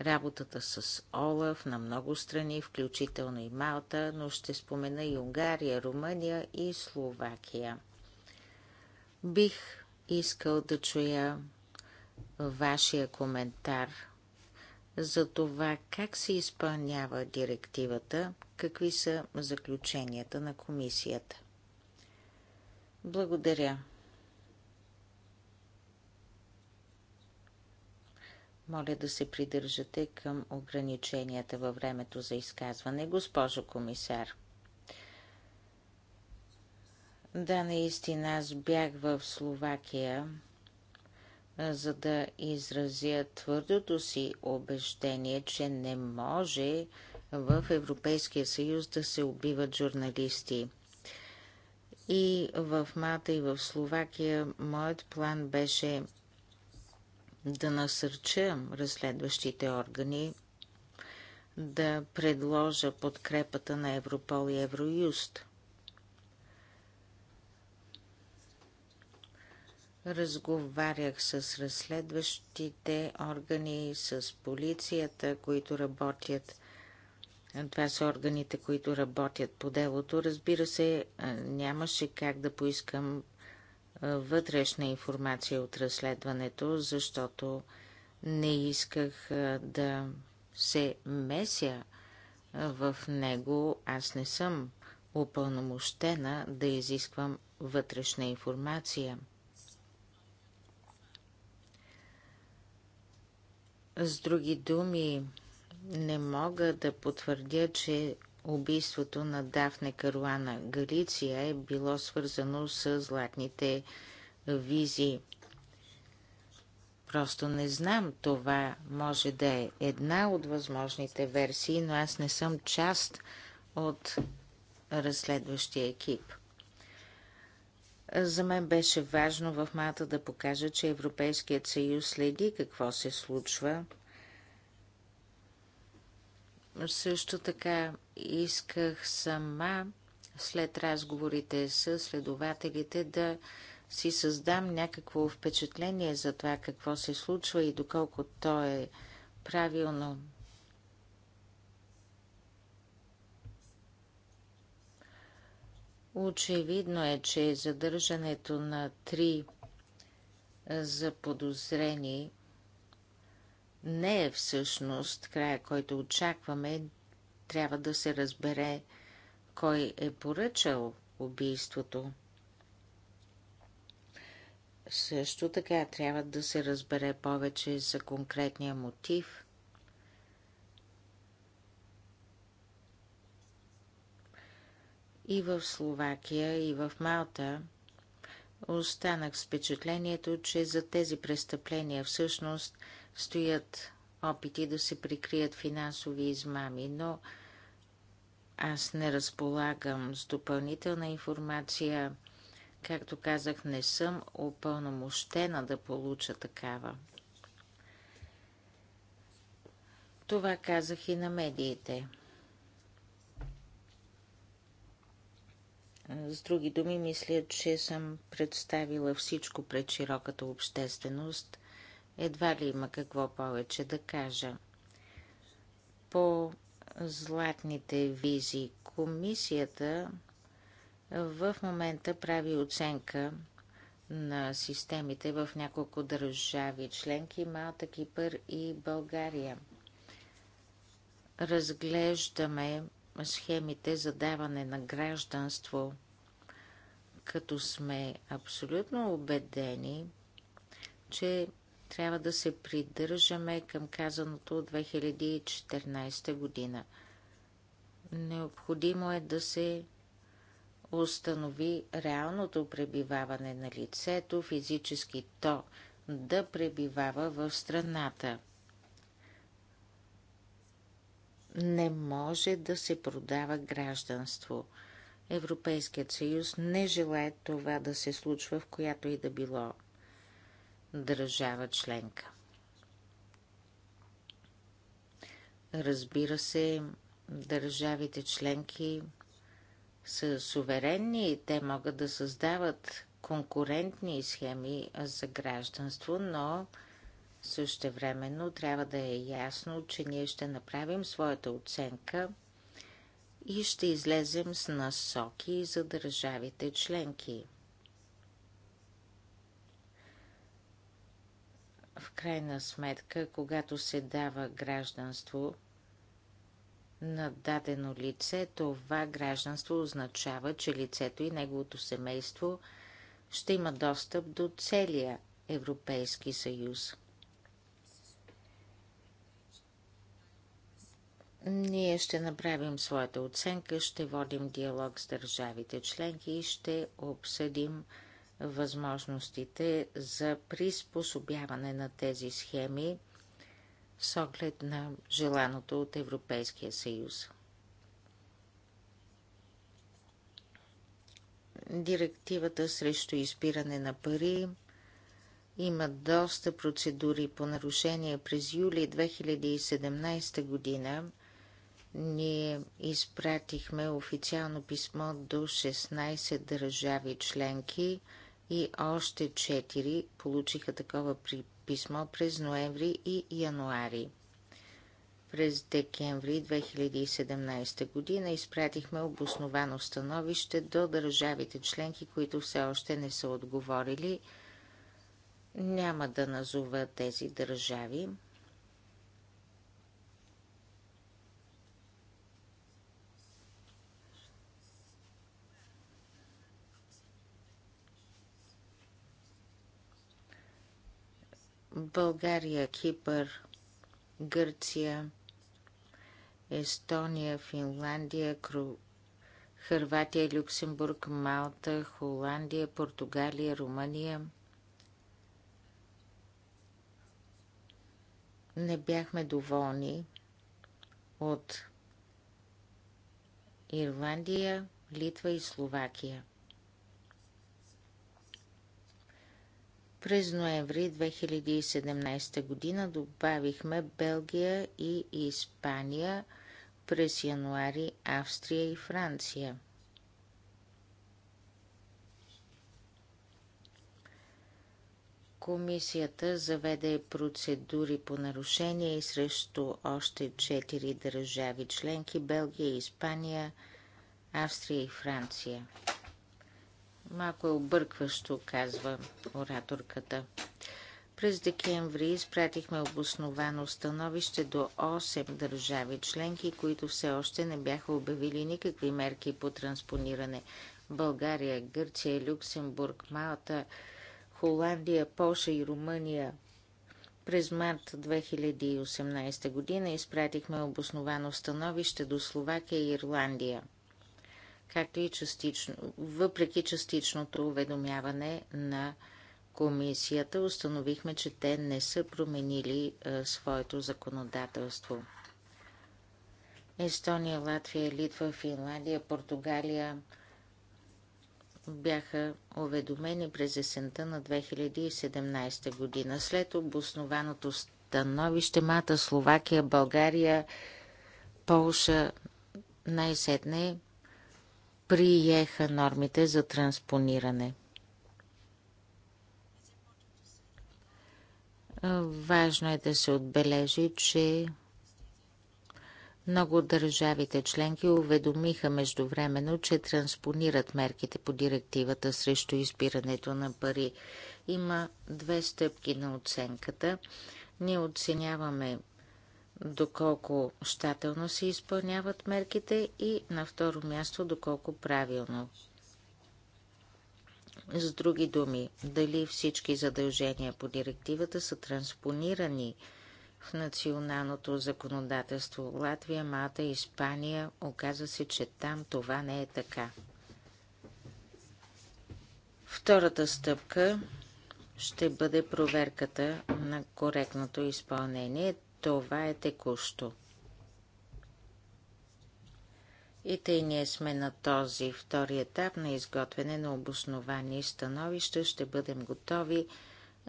работата с Олаф на много страни, включително и Малта, но ще спомена и Унгария, Румъния и Словакия. Бих искал да чуя вашия коментар за това как се изпълнява директивата, какви са заключенията на комисията. Благодаря. Моля да се придържате към ограниченията във времето за изказване, госпожо комисар. Да, наистина, аз бях в Словакия, за да изразя твърдото си убеждение, че не може в Европейския съюз да се убиват журналисти. И в Малта и в Словакия моят план беше да насърча разследващите органи да предложа подкрепата на Европол и Евроюст. Разговарях с разследващите органи, с полицията, които работят това са органите, които работят по делото. Разбира се, нямаше как да поискам вътрешна информация от разследването, защото не исках да се меся в него. Аз не съм упълномощена да изисквам вътрешна информация. С други думи, не мога да потвърдя, че убийството на Дафне Каруана Галиция е било свързано с златните визи. Просто не знам. Това може да е една от възможните версии, но аз не съм част от разследващия екип. За мен беше важно в мата да покажа, че Европейският съюз следи какво се случва също така исках сама след разговорите с следователите да си създам някакво впечатление за това какво се случва и доколко то е правилно. Очевидно е, че задържането на три заподозрени не е всъщност края, който очакваме. Трябва да се разбере кой е поръчал убийството. Също така трябва да се разбере повече за конкретния мотив. И в Словакия, и в Малта останах с впечатлението, че за тези престъпления всъщност – стоят опити да се прикрият финансови измами, но аз не разполагам с допълнителна информация. Както казах, не съм опълномощена да получа такава. Това казах и на медиите. С други думи, мисля, че съм представила всичко пред широката общественост – едва ли има какво повече да кажа. По златните визи комисията в момента прави оценка на системите в няколко държави членки Малта, Кипър и България. Разглеждаме схемите за даване на гражданство, като сме абсолютно убедени, че трябва да се придържаме към казаното от 2014 година. Необходимо е да се установи реалното пребиваване на лицето, физически то да пребивава в страната. Не може да се продава гражданство. Европейският съюз не желая това да се случва в която и да било държава членка. Разбира се, държавите членки са суверенни и те могат да създават конкурентни схеми за гражданство, но същевременно трябва да е ясно, че ние ще направим своята оценка и ще излезем с насоки за държавите членки. В крайна сметка, когато се дава гражданство на дадено лице, това гражданство означава, че лицето и неговото семейство ще има достъп до целия Европейски съюз. Ние ще направим своята оценка, ще водим диалог с държавите членки и ще обсъдим възможностите за приспособяване на тези схеми с оглед на желаното от Европейския съюз. Директивата срещу изпиране на пари има доста процедури по нарушение. През юли 2017 година ние изпратихме официално писмо до 16 държави членки – и още четири получиха такова при писмо през ноември и януари. През декември 2017 година изпратихме обосновано становище до държавите членки, които все още не са отговорили. Няма да назова тези държави. България, Кипър, Гърция, Естония, Финландия, Кру... Хърватия, Люксембург, Малта, Холандия, Португалия, Румъния. Не бяхме доволни от Ирландия, Литва и Словакия. През ноември 2017 година добавихме Белгия и Испания, през януари Австрия и Франция. Комисията заведе процедури по нарушение и срещу още 4 държави членки Белгия, Испания, Австрия и Франция. Малко е объркващо, казва ораторката. През декември изпратихме обосновано становище до 8 държави членки, които все още не бяха обявили никакви мерки по транспониране. България, Гърция, Люксембург, Малта, Холандия, Польша и Румъния. През март 2018 година изпратихме обосновано становище до Словакия и Ирландия – както и частично, въпреки частичното уведомяване на комисията, установихме, че те не са променили а, своето законодателство. Естония, Латвия, Литва, Финландия, Португалия бяха уведомени през есента на 2017 година. След обоснованото становище Мата, Словакия, България, Полша най-сетне приеха нормите за транспониране. Важно е да се отбележи, че много държавите членки уведомиха междувременно, че транспонират мерките по директивата срещу избирането на пари. Има две стъпки на оценката. Ние оценяваме доколко щателно се изпълняват мерките и на второ място доколко правилно. С други думи, дали всички задължения по директивата са транспонирани в националното законодателство Латвия, и Испания, оказа се, че там това не е така. Втората стъпка ще бъде проверката на коректното изпълнение. Това е текущо. И тъй ние сме на този втори етап на изготвяне на обосновани становища. Ще бъдем готови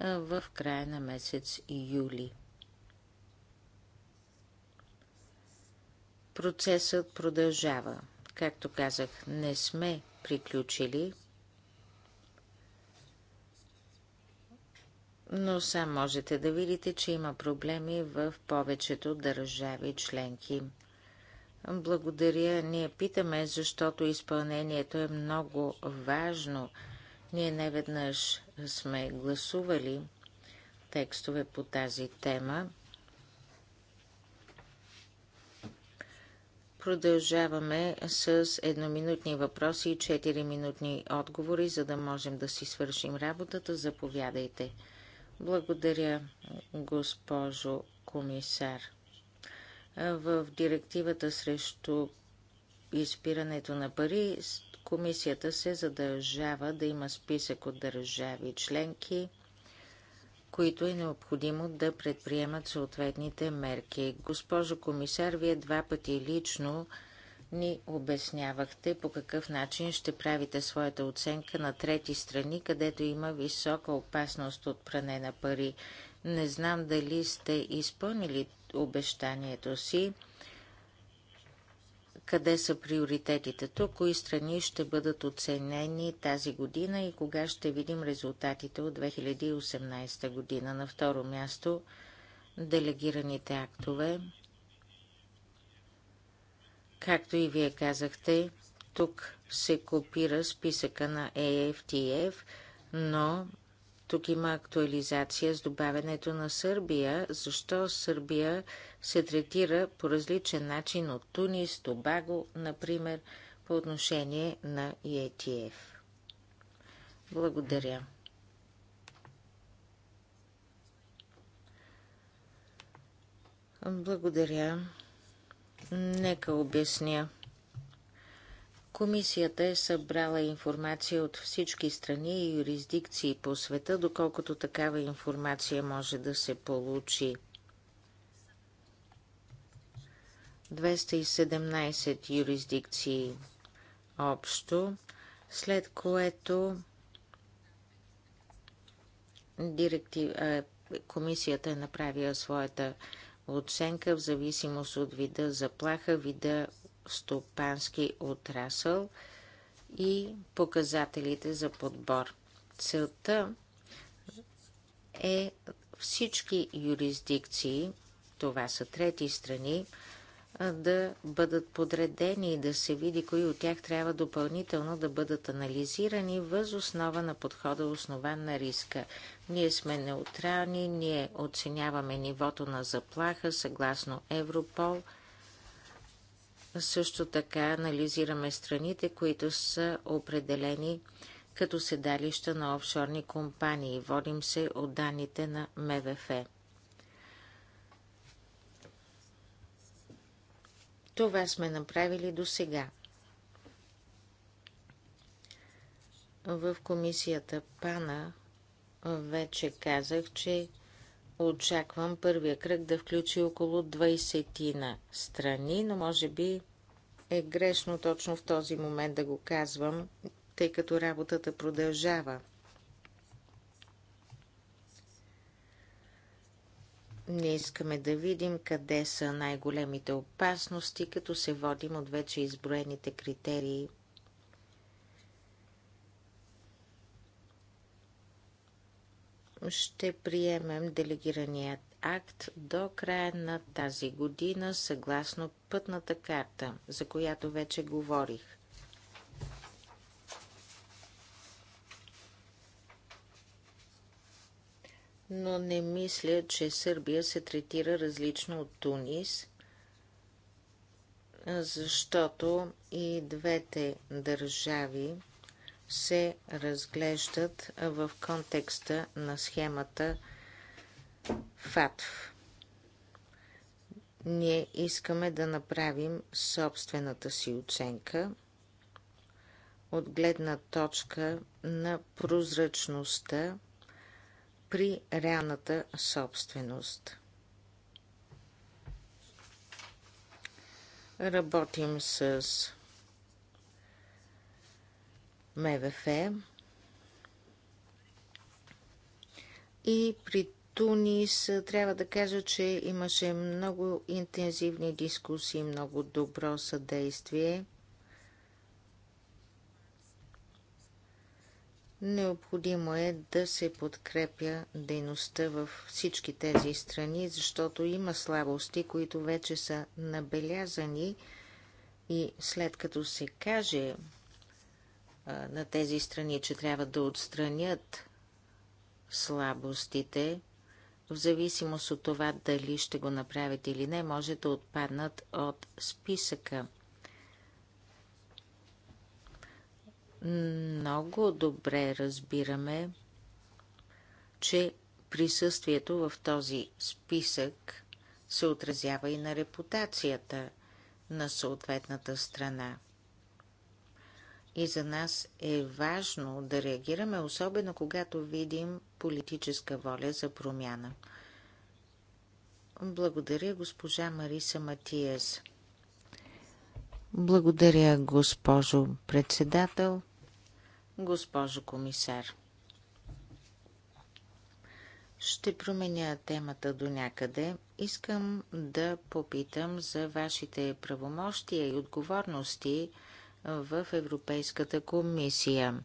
в края на месец юли. Процесът продължава. Както казах, не сме приключили но сам можете да видите, че има проблеми в повечето държави членки. Благодаря. Ние питаме, защото изпълнението е много важно. Ние неведнъж сме гласували текстове по тази тема. Продължаваме с едноминутни въпроси и 4-минутни отговори, за да можем да си свършим работата. Заповядайте. Благодаря, госпожо комисар. В директивата срещу изпирането на пари комисията се задължава да има списък от държави членки, които е необходимо да предприемат съответните мерки. Госпожо комисар, вие два пъти лично ни обяснявахте по какъв начин ще правите своята оценка на трети страни, където има висока опасност от пране на пари. Не знам дали сте изпълнили обещанието си. Къде са приоритетите тук? Кои страни ще бъдат оценени тази година и кога ще видим резултатите от 2018 година? На второ място, делегираните актове. Както и вие казахте, тук се копира списъка на AFTF, но тук има актуализация с добавянето на Сърбия. Защо Сърбия се третира по различен начин от Тунис, Тобаго, например, по отношение на EATF? Благодаря. Благодаря. Нека обясня. Комисията е събрала информация от всички страни и юрисдикции по света, доколкото такава информация може да се получи. 217 юрисдикции общо, след което директив... комисията е направила своята оценка в зависимост от вида заплаха, вида стопански отрасъл и показателите за подбор. Целта е всички юрисдикции, това са трети страни, да бъдат подредени и да се види кои от тях трябва допълнително да бъдат анализирани въз основа на подхода основан на риска. Ние сме неутрални, ние оценяваме нивото на заплаха съгласно Европол. Също така анализираме страните, които са определени като седалища на офшорни компании. Водим се от данните на МВФ. Това сме направили до сега. В комисията ПАНА вече казах, че очаквам първия кръг да включи около 20 на страни, но може би е грешно точно в този момент да го казвам, тъй като работата продължава. Ние искаме да видим къде са най-големите опасности, като се водим от вече изброените критерии. Ще приемем делегираният акт до края на тази година, съгласно пътната карта, за която вече говорих. но не мисля, че Сърбия се третира различно от Тунис, защото и двете държави се разглеждат в контекста на схемата ФАТФ. Ние искаме да направим собствената си оценка от гледна точка на прозрачността при реалната собственост. Работим с МВФ и при Тунис трябва да кажа, че имаше много интензивни дискусии, много добро съдействие – Необходимо е да се подкрепя дейността във всички тези страни, защото има слабости, които вече са набелязани и след като се каже на тези страни, че трябва да отстранят слабостите, в зависимост от това дали ще го направят или не, може да отпаднат от списъка. много добре разбираме, че присъствието в този списък се отразява и на репутацията на съответната страна. И за нас е важно да реагираме, особено когато видим политическа воля за промяна. Благодаря, госпожа Мариса Матиес. Благодаря, госпожо председател, госпожо комисар. Ще променя темата до някъде. Искам да попитам за вашите правомощия и отговорности в Европейската комисия.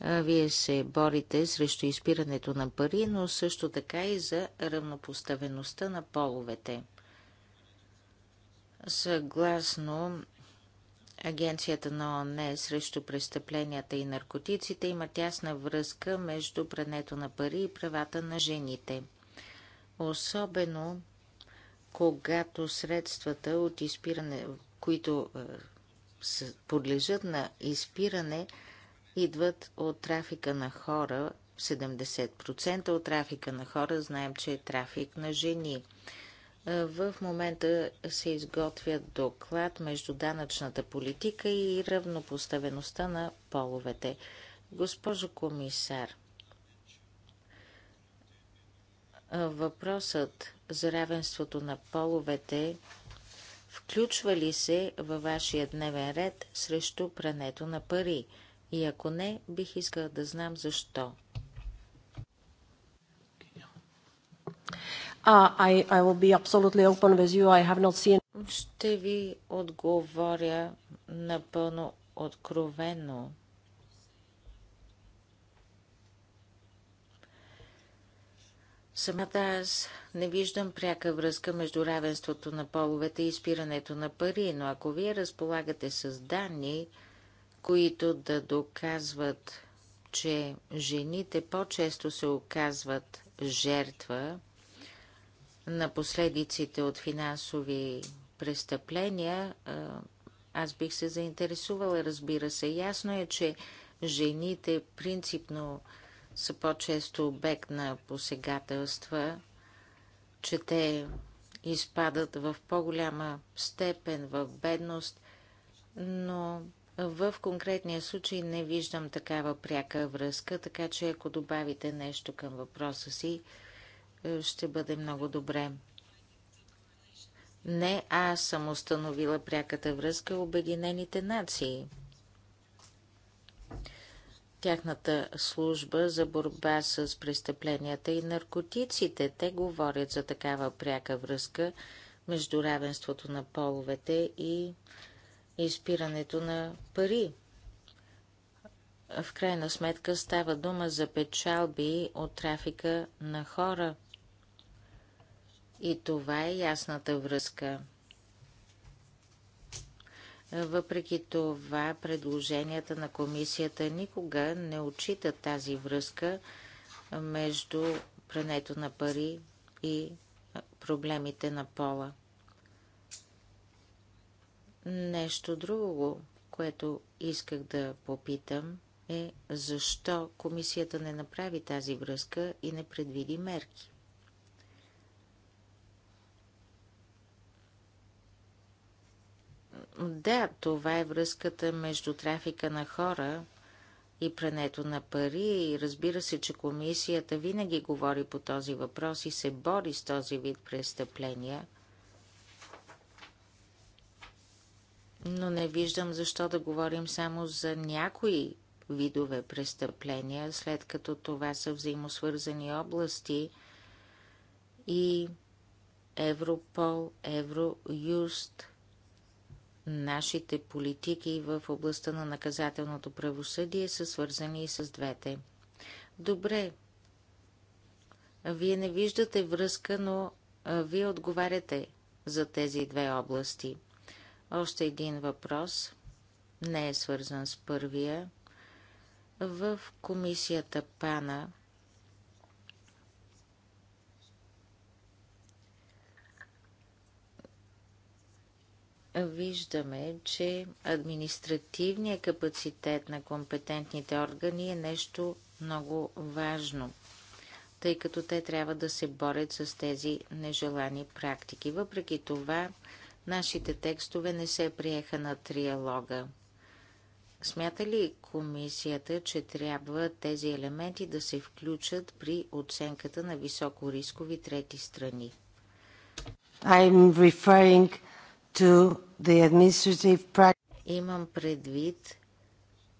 Вие се борите срещу изпирането на пари, но също така и за равнопоставеността на половете. Съгласно Агенцията на ООН срещу престъпленията и наркотиците има тясна връзка между прането на пари и правата на жените. Особено когато средствата от изпиране, които е, подлежат на изпиране, идват от трафика на хора. 70% от трафика на хора знаем, че е трафик на жени – в момента се изготвя доклад между данъчната политика и равнопоставеността на половете. Госпожо комисар, въпросът за равенството на половете включва ли се във вашия дневен ред срещу прането на пари? И ако не, бих искал да знам защо. I, I will be absolutely open with you. I have not seen... Ще ви отговоря напълно откровено. Самата аз не виждам пряка връзка между равенството на половете и спирането на пари, но ако вие разполагате с данни, които да доказват, че жените по-често се оказват жертва на последиците от финансови престъпления, аз бих се заинтересувала, разбира се. Ясно е, че жените принципно са по-често обект на посегателства, че те изпадат в по-голяма степен в бедност, но в конкретния случай не виждам такава пряка връзка, така че ако добавите нещо към въпроса си, ще бъде много добре. Не аз съм установила пряката връзка Обединените нации. Тяхната служба за борба с престъпленията и наркотиците, те говорят за такава пряка връзка между равенството на половете и изпирането на пари. В крайна сметка става дума за печалби от трафика на хора – и това е ясната връзка. Въпреки това, предложенията на комисията никога не отчитат тази връзка между прането на пари и проблемите на пола. Нещо друго, което исках да попитам е защо комисията не направи тази връзка и не предвиди мерки. Да, това е връзката между трафика на хора и прането на пари. И разбира се, че комисията винаги говори по този въпрос и се бори с този вид престъпления. Но не виждам защо да говорим само за някои видове престъпления, след като това са взаимосвързани области и Европол, Евроюст – нашите политики в областта на наказателното правосъдие са свързани и с двете. Добре. Вие не виждате връзка, но вие отговаряте за тези две области. Още един въпрос. Не е свързан с първия. В комисията ПАНА виждаме, че административният капацитет на компетентните органи е нещо много важно, тъй като те трябва да се борят с тези нежелани практики. Въпреки това, нашите текстове не се приеха на триалога. Смята ли комисията, че трябва тези елементи да се включат при оценката на високорискови трети страни? I'm referring to the administrative Имам предвид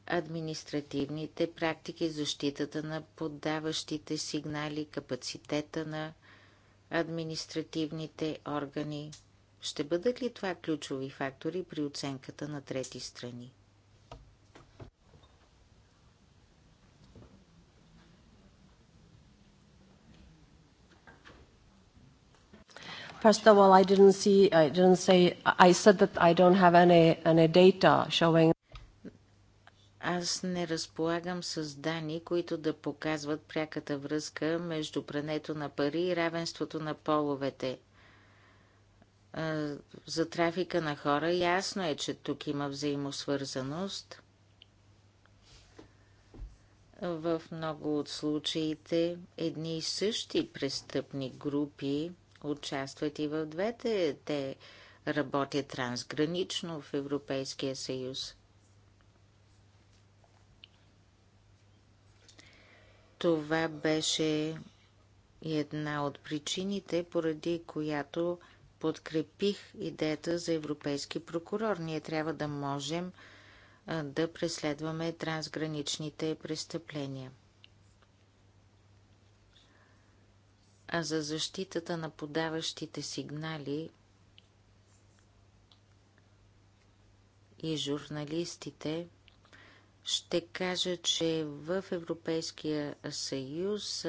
административните практики, защитата на поддаващите сигнали, капацитета на административните органи. Ще бъдат ли това ключови фактори при оценката на трети страни? First of all, I didn't see, I didn't say, I said that I don't have any, any data showing. Аз не разполагам с данни, които да показват пряката връзка между прането на пари и равенството на половете. За трафика на хора ясно е, че тук има взаимосвързаност. В много от случаите едни и същи престъпни групи – участват и в двете. Те работят трансгранично в Европейския съюз. Това беше една от причините, поради която подкрепих идеята за европейски прокурор. Ние трябва да можем да преследваме трансграничните престъпления. А за защитата на подаващите сигнали и журналистите ще кажа, че в Европейския съюз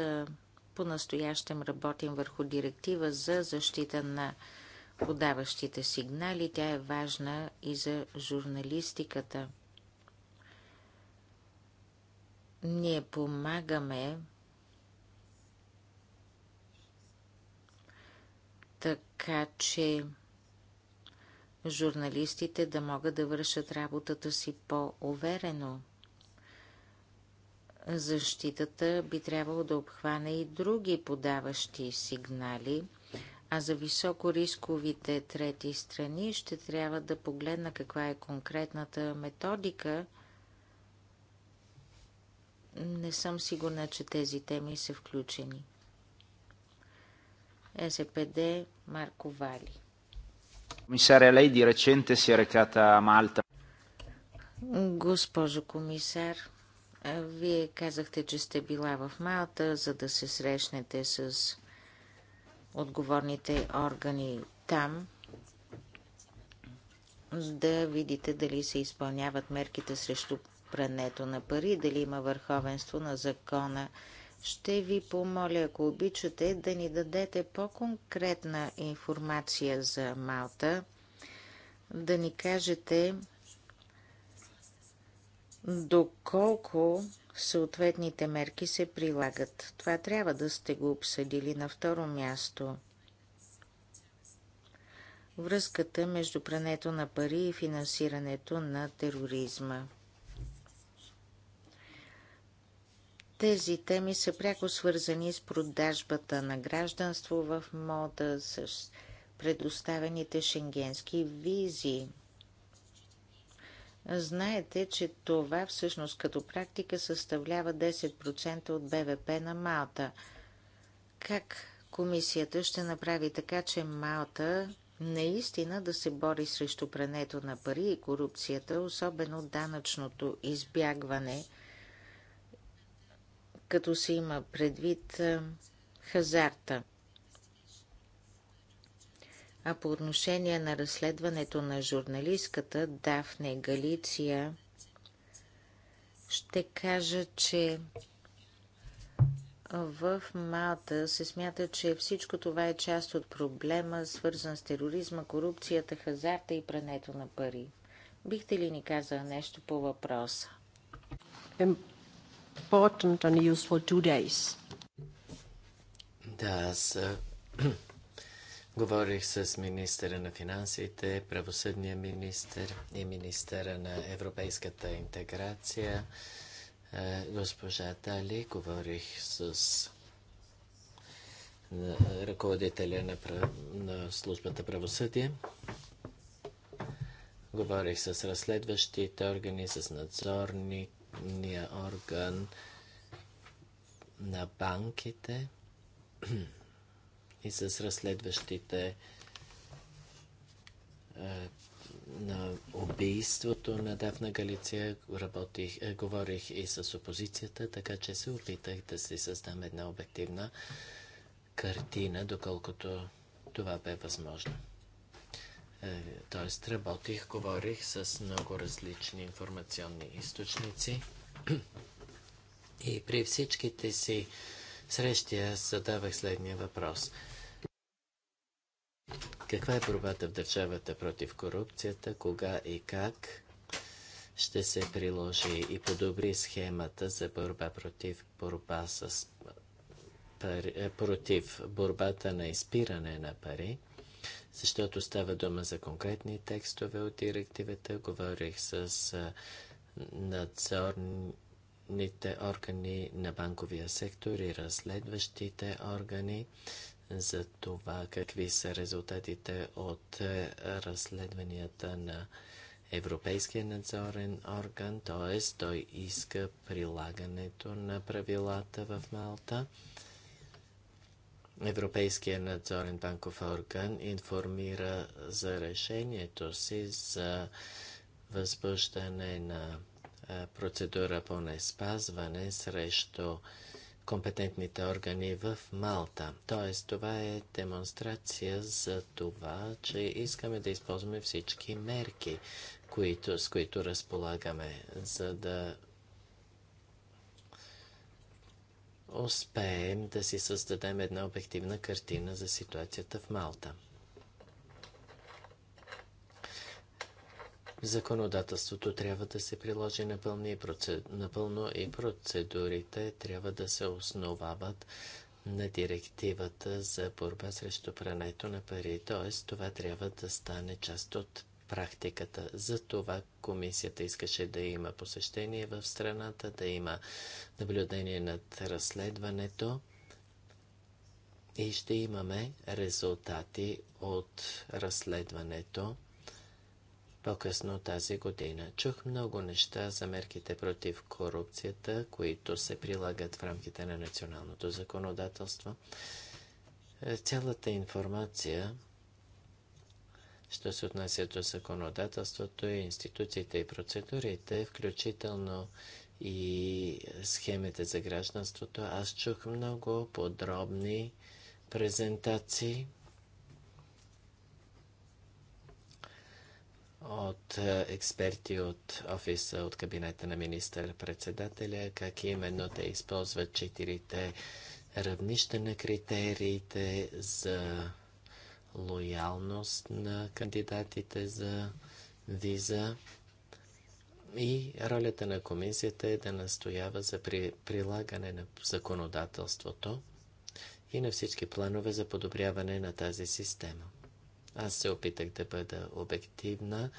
по-настоящем работим върху директива за защита на подаващите сигнали. Тя е важна и за журналистиката. Ние помагаме така че журналистите да могат да вършат работата си по-уверено. Защитата би трябвало да обхване и други подаващи сигнали, а за високо рисковите трети страни ще трябва да погледна каква е конкретната методика. Не съм сигурна, че тези теми са включени. СПД Марко Вали. Комисаря, recente si è recata реката Малта. Госпожо комисар, вие казахте, че сте била в Малта, за да се срещнете с отговорните органи там, да видите дали се изпълняват мерките срещу прането на пари, дали има върховенство на закона. Ще ви помоля, ако обичате, да ни дадете по-конкретна информация за Малта, да ни кажете доколко съответните мерки се прилагат. Това трябва да сте го обсъдили на второ място. Връзката между прането на пари и финансирането на тероризма. Тези теми са пряко свързани с продажбата на гражданство в мода, с предоставените шенгенски визи. Знаете, че това всъщност като практика съставлява 10% от БВП на Малта. Как комисията ще направи така, че Малта наистина да се бори срещу прането на пари и корупцията, особено данъчното избягване – като се има предвид е, хазарта. А по отношение на разследването на журналистката Дафне Галиция, ще кажа, че в Малта се смята, че всичко това е част от проблема, свързан с тероризма, корупцията, хазарта и прането на пари. Бихте ли ни казали нещо по въпроса? important and useful two days. Да, говорих с министъра на финансите, правосъдния министър и министъра на европейската интеграция. Госпожа Тали, говорих с ръководителя на, на службата правосъдие. Говорих с разследващите органи, с надзорник надзорния орган на банките и с разследващите е, на убийството на Дафна Галиция работих, е, говорих и с опозицията, така че се опитах да си създам една обективна картина, доколкото това бе възможно. Т.е. работих, говорих с много различни информационни източници и при всичките си срещи аз задавах следния въпрос. Каква е борбата в държавата против корупцията? Кога и как ще се приложи и подобри схемата за борба против борба с пари, е, против борбата на изпиране на пари? защото става дума за конкретни текстове от директивата. Говорих с надзорните органи на банковия сектор и разследващите органи за това какви са резултатите от разследванията на Европейския надзорен орган, т.е. той иска прилагането на правилата в Малта. Европейския надзорен банков орган информира за решението си за възбуждане на процедура по неспазване срещу компетентните органи в Малта. Тоест, това е демонстрация за това, че искаме да използваме всички мерки, които, с които разполагаме, за да успеем да си създадем една обективна картина за ситуацията в Малта. Законодателството трябва да се приложи напълно и процедурите трябва да се основават на директивата за борба срещу прането на пари. Т.е. това трябва да стане част от практиката. Затова комисията искаше да има посещение в страната, да има наблюдение над разследването и ще имаме резултати от разследването по-късно тази година. Чух много неща за мерките против корупцията, които се прилагат в рамките на националното законодателство. Цялата информация що се отнася до законодателството и институциите и процедурите, включително и схемите за гражданството, аз чух много подробни презентации от е, експерти от офиса, от кабинета на министър-председателя, как именно те използват четирите равнища на критериите за лоялност на кандидатите за виза. И ролята на комисията е да настоява за при, прилагане на законодателството и на всички планове за подобряване на тази система. Аз се опитах да бъда обективна.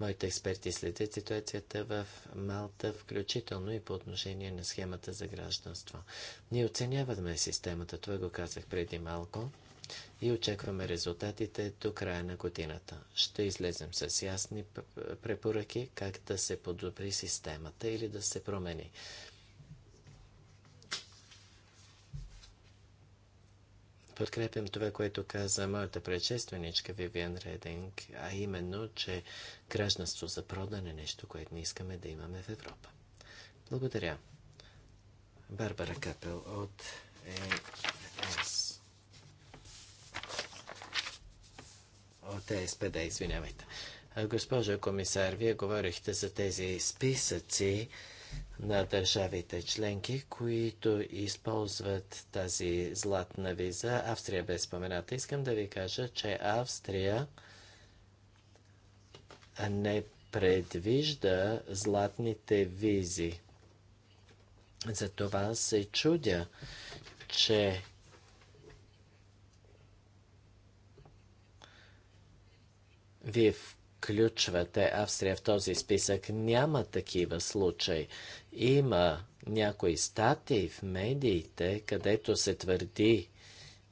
Моите експерти следят ситуацията в Малта, включително и по отношение на схемата за гражданство. Ние оценяваме системата, това го казах преди малко и очакваме резултатите до края на годината. Ще излезем с ясни препоръки как да се подобри системата или да се промени. подкрепям това, което каза моята предшественичка Вивиан Рединг, а именно, че гражданство за продан е нещо, което не искаме да имаме в Европа. Благодаря. Барбара Капел от ЕС. Е от СПД, извинявайте. Госпожо комисар, вие говорихте за тези списъци на държавите членки, които използват тази златна виза. Австрия бе спомената. Искам да ви кажа, че Австрия не предвижда златните визи. Затова се чудя, че вие включвате Австрия в този списък. Няма такива случаи. Има някои статии в медиите, където се твърди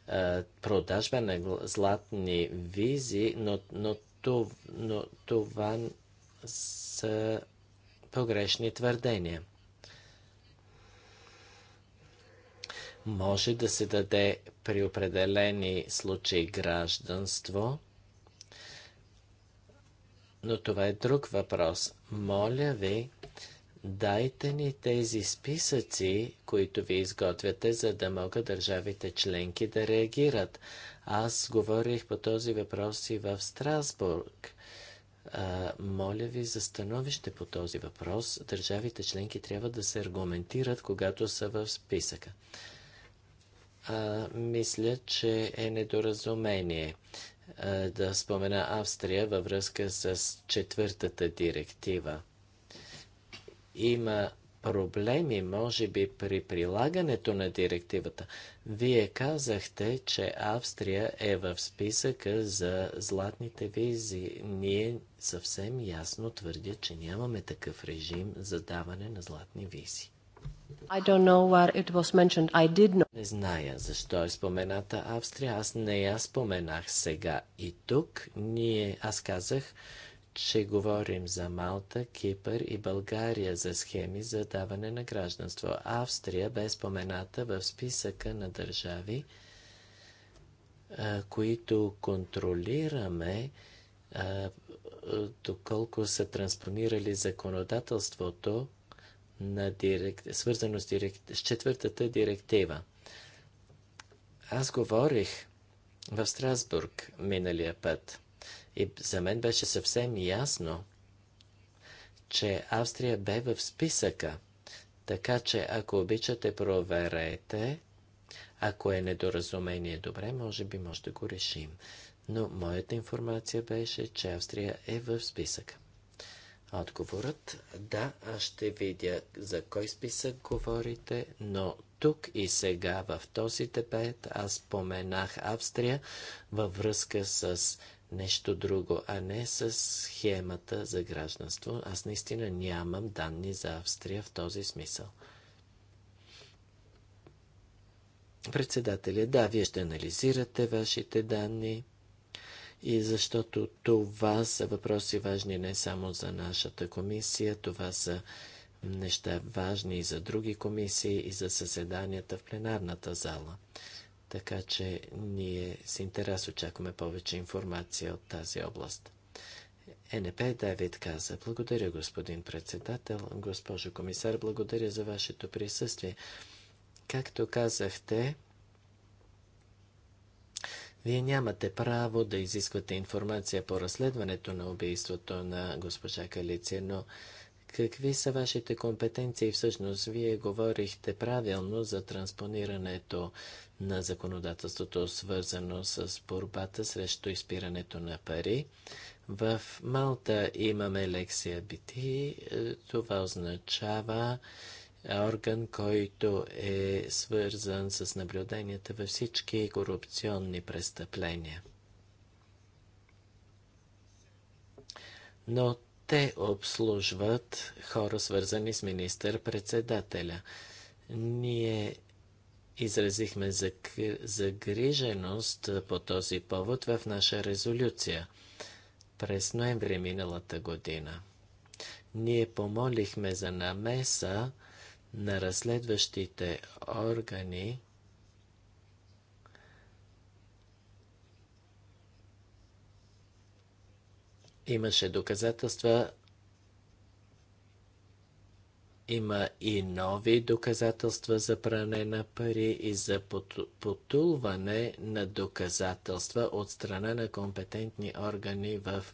а, е, продажба на златни визи, но, но, това, но това са погрешни твърдения. Може да се даде при определени случаи гражданство – но това е друг въпрос. Моля ви, дайте ни тези списъци, които ви изготвяте, за да могат държавите членки да реагират. Аз говорих по този въпрос и в Страсбург. А, моля ви за становище по този въпрос. Държавите членки трябва да се аргументират, когато са в списъка. А, мисля, че е недоразумение. Е, да спомена Австрия във връзка с четвъртата директива. Има проблеми, може би, при прилагането на директивата. Вие казахте, че Австрия е в списъка за златните визи. Ние съвсем ясно твърдя, че нямаме такъв режим за даване на златни визи. I don't know where it was mentioned. I did not. Не зная защо е спомената Австрия. Аз не я споменах сега и тук. Ние, аз казах, че говорим за Малта, Кипър и България за схеми за даване на гражданство. Австрия бе спомената в списъка на държави, които контролираме доколко са транспонирали законодателството на директ... свързано с, директ... с четвъртата директива. Аз говорих в Страсбург миналия път и за мен беше съвсем ясно, че Австрия бе в списъка. Така че, ако обичате, проверете. Ако е недоразумение, добре, може би може да го решим. Но моята информация беше, че Австрия е в списъка. Отговорът – да, аз ще видя за кой списък говорите, но тук и сега в този дебет аз споменах Австрия във връзка с нещо друго, а не с схемата за гражданство. Аз наистина нямам данни за Австрия в този смисъл. Председателя, да, вие ще анализирате вашите данни и защото това са въпроси важни не само за нашата комисия, това са неща важни и за други комисии и за съседанията в пленарната зала. Така че ние с интерес очакваме повече информация от тази област. Е, НП Давид каза, благодаря господин председател, госпожо комисар, благодаря за вашето присъствие. Както казахте, вие нямате право да изисквате информация по разследването на убийството на госпожа Калиция, но какви са вашите компетенции? Всъщност, вие говорихте правилно за транспонирането на законодателството, свързано с борбата срещу изпирането на пари. В Малта имаме лекция бити. Е, това означава, орган, който е свързан с наблюденията във всички корупционни престъпления. Но те обслужват хора, свързани с министър-председателя. Ние изразихме загриженост по този повод в наша резолюция през ноември миналата година. Ние помолихме за намеса на разследващите органи имаше доказателства, има и нови доказателства за пране на пари и за потулване на доказателства от страна на компетентни органи в,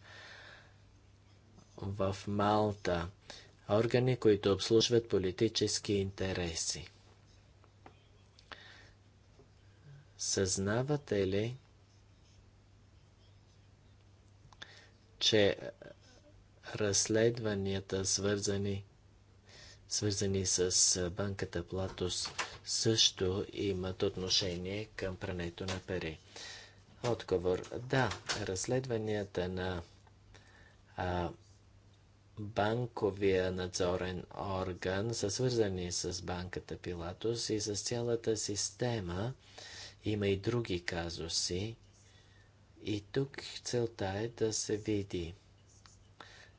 в Малта органи, които обслужват политически интереси. Съзнавате ли, че разследванията, свързани, свързани с банката Платос, също имат отношение към прането на пари? Отговор. Да, разследванията на а, банковия надзорен орган са свързани с банката Пилатус и с цялата система. Има и други казуси. И тук целта е да се види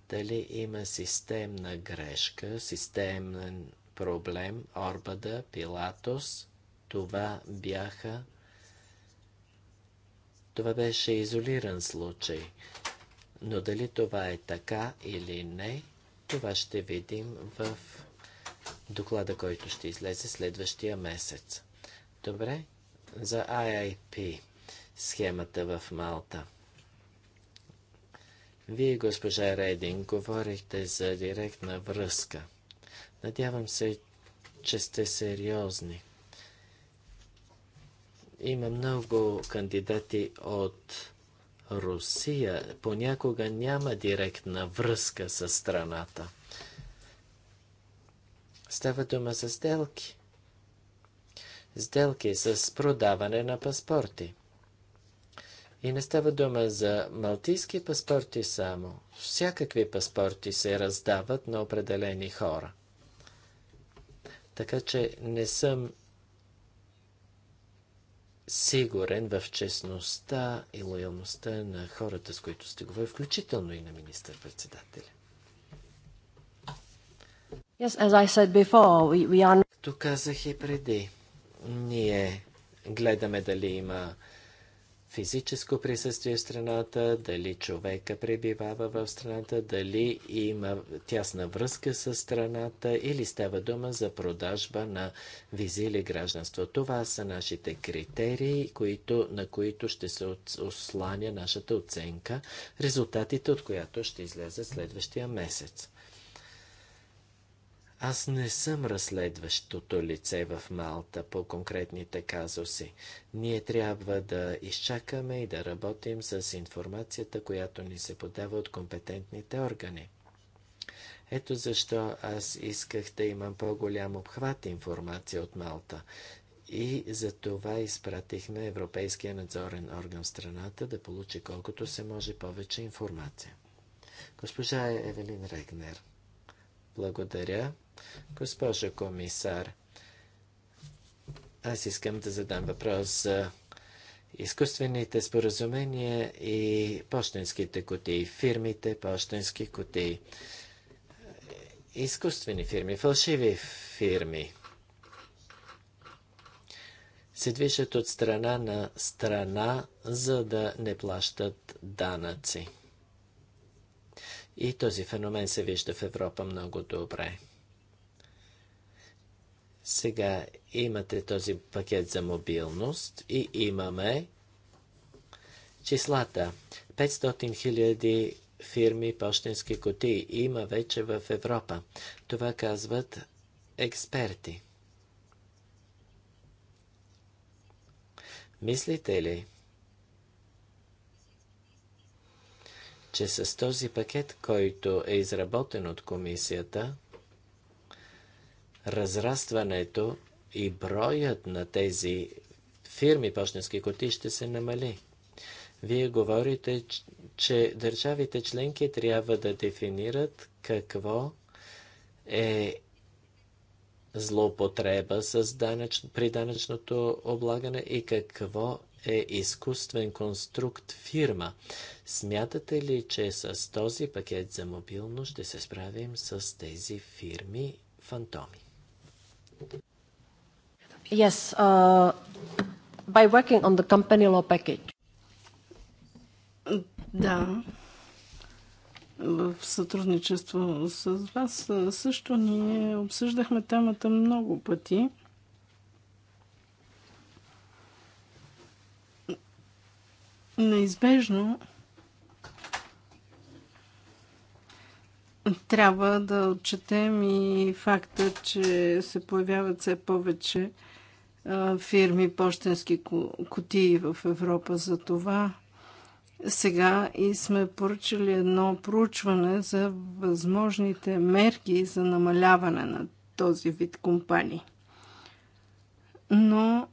дали има системна грешка, системен проблем, Орбада, Пилатос. Това бяха. Това беше изолиран случай. Но дали това е така или не, това ще видим в доклада, който ще излезе следващия месец. Добре? За IIP схемата в Малта. Вие, госпожа Рейдин, говорихте за директна връзка. Надявам се, че сте сериозни. Има много кандидати от Русия понякога няма директна връзка с страната. Става дума за сделки. Сделки с продаване на паспорти. И не става дума за малтийски паспорти само. Всякакви паспорти се раздават на определени хора. Така че не съм сигурен в честността и лоялността на хората, с които сте говорили, включително и на министър-председателя. Yes, as I said before, we, we are... Както казах и преди, ние гледаме дали има физическо присъствие в страната, дали човека пребивава в страната, дали има тясна връзка с страната или става дума за продажба на визи или гражданство. Това са нашите критерии, които, на които ще се осланя нашата оценка, резултатите от която ще излезе следващия месец. Аз не съм разследващото лице в Малта по конкретните казуси. Ние трябва да изчакаме и да работим с информацията, която ни се подава от компетентните органи. Ето защо аз исках да имам по-голям обхват информация от Малта. И за това изпратихме Европейския надзорен орган в страната да получи колкото се може повече информация. Госпожа Евелин Регнер, благодаря. Госпожо комисар, аз искам да задам въпрос за изкуствените споразумения и почтенските кутии, фирмите почтенски кутии, изкуствени фирми, фалшиви фирми се движат от страна на страна, за да не плащат данъци. И този феномен се вижда в Европа много добре. Сега имате този пакет за мобилност и имаме числата. 500 000 фирми почтенски кутии има вече в Европа. Това казват експерти. Мислите ли, че с този пакет, който е изработен от комисията, разрастването и броят на тези фирми почтенски кутии ще се намали. Вие говорите, че държавите членки трябва да дефинират какво е злоупотреба с данъч, при данъчното облагане и какво е изкуствен конструкт фирма. Смятате ли, че с този пакет за мобилност ще се справим с тези фирми фантоми? Yes, uh, by working on the company law package. Да. В сътрудничество с вас също ние обсъждахме темата много пъти. Неизбежно трябва да отчетем и факта, че се появяват все повече фирми, почтенски кутии в Европа за това. Сега и сме поръчали едно проучване за възможните мерки за намаляване на този вид компании. Но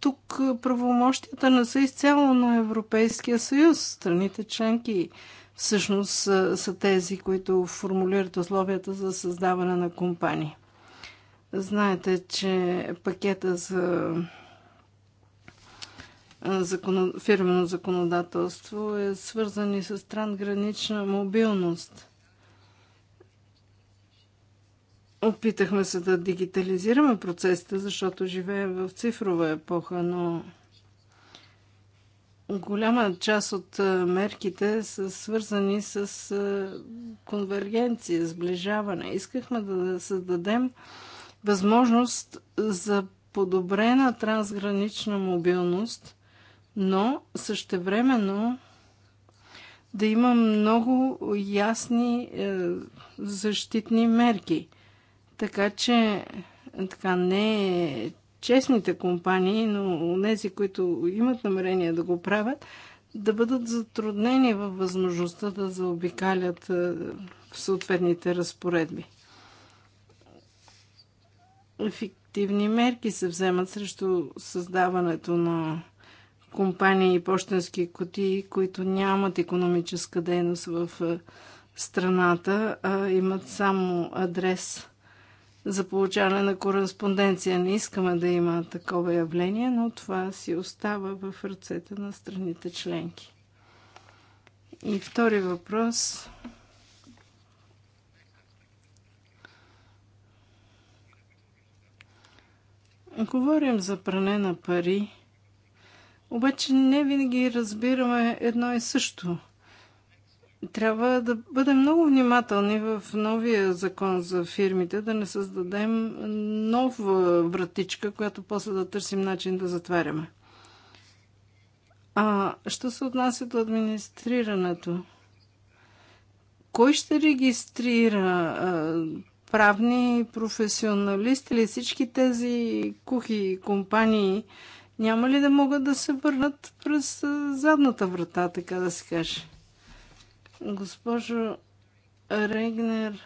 тук правомощията не са изцяло на Европейския съюз. Страните членки всъщност са, са тези, които формулират условията за създаване на компании. Знаете, че пакета за закона... фирмено законодателство е свързан и с трансгранична мобилност. Опитахме се да дигитализираме процесите, защото живеем в цифрова епоха, но голяма част от мерките са свързани с конвергенция, сближаване. Искахме да създадем възможност за подобрена трансгранична мобилност, но същевременно да има много ясни е, защитни мерки. Така че така, не честните компании, но тези, които имат намерение да го правят, да бъдат затруднени във възможността да заобикалят е, съответните разпоредби ефективни мерки се вземат срещу създаването на компании и почтенски кутии, които нямат економическа дейност в е, страната, а имат само адрес за получаване на кореспонденция. Не искаме да има такова явление, но това си остава в ръцете на страните членки. И втори въпрос Говорим за пране на пари, обаче не винаги разбираме едно и също. Трябва да бъдем много внимателни в новия закон за фирмите, да не създадем нова вратичка, която после да търсим начин да затваряме. А що се отнася до администрирането? Кой ще регистрира правни професионалисти или всички тези кухи компании няма ли да могат да се върнат през задната врата, така да се каже? Госпожо Регнер,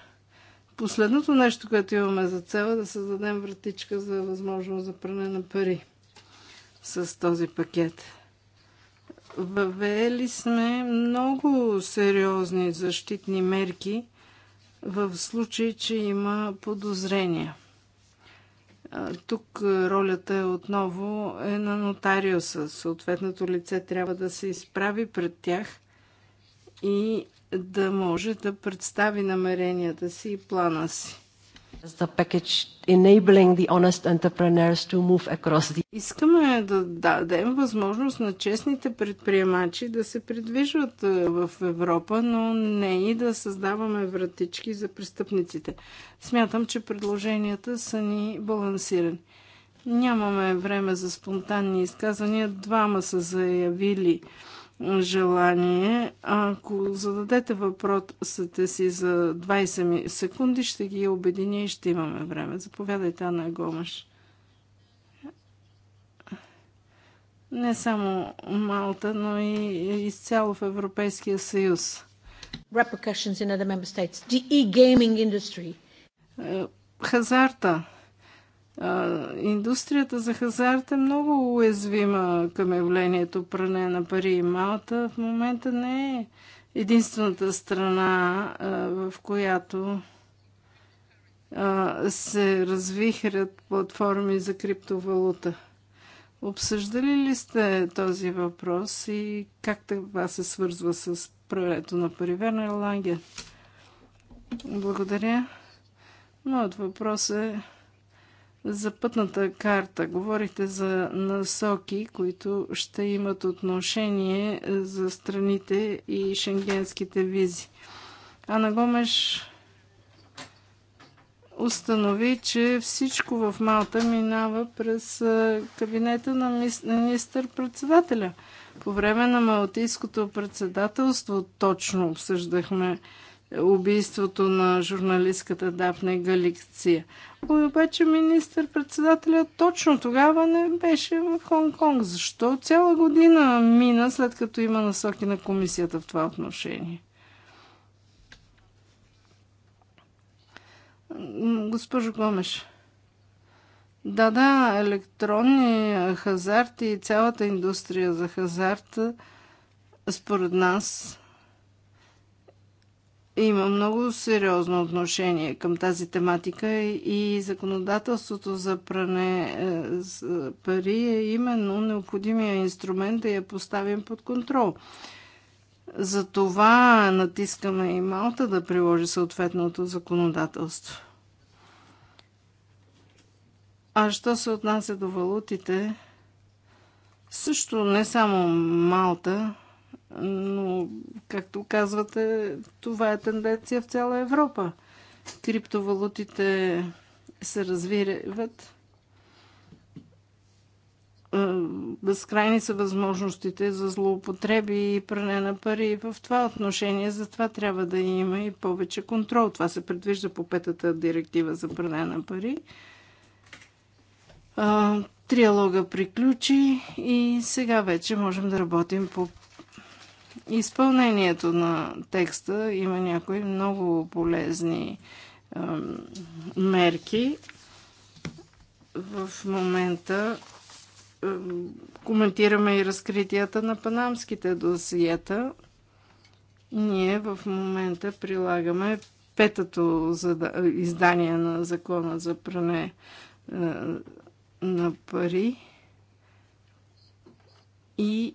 последното нещо, което имаме за цел е да създадем вратичка за възможност за пране на пари с този пакет. Въвели сме много сериозни защитни мерки, в случай, че има подозрения. Тук ролята е отново е на нотариуса. Съответното лице трябва да се изправи пред тях и да може да представи намеренията си и плана си. Искаме да дадем възможност на честните предприемачи да се придвижват е, в Европа, но не и да създаваме вратички за престъпниците. Смятам, че предложенията са ни балансирани. Нямаме време за спонтанни изказвания. Двама са заявили желание. Ако зададете въпросите си за 20 секунди, ще ги обедини и ще имаме време. Заповядайте, Ана Гомаш. Не само Малта, но и изцяло в Европейския съюз. Repercussions in other member states. The e-gaming industry. Е, хазарта индустрията за хазарт е много уязвима към явлението пране на пари и Малта. В момента не е единствената страна, в която се развихрят платформи за криптовалута. Обсъждали ли сте този въпрос и как това се свързва с прането на пари? Вернер Ланге. Благодаря. Моят въпрос е за пътната карта говорихте за насоки, които ще имат отношение е, за страните и шенгенските визи. Ана Гомеш установи, че всичко в Малта минава през е, кабинета на министър-председателя. По време на Малтийското председателство точно обсъждахме убийството на журналистката Дафне Галикция. Ами обаче министър-председателя точно тогава не беше в Хонг-Конг. Защо цяла година мина след като има насоки на комисията в това отношение? Госпожо Гомеш, да, да, електронни хазарт и цялата индустрия за хазарт според нас има много сериозно отношение към тази тематика и законодателството за пране за е, е, пари е именно необходимия инструмент да я поставим под контрол. Затова натискаме и Малта да приложи съответното законодателство. А що се отнася до валутите, също не само Малта, но, както казвате, това е тенденция в цяла Европа. Криптовалутите се развиват. Е, безкрайни са възможностите за злоупотреби и пране на пари. В това отношение затова трябва да има и повече контрол. Това се предвижда по петата директива за пране на пари. Е, триалога приключи и сега вече можем да работим по изпълнението на текста има някои много полезни мерки. В момента коментираме и разкритията на панамските досиета. Ние в момента прилагаме петото издание на закона за пране на пари и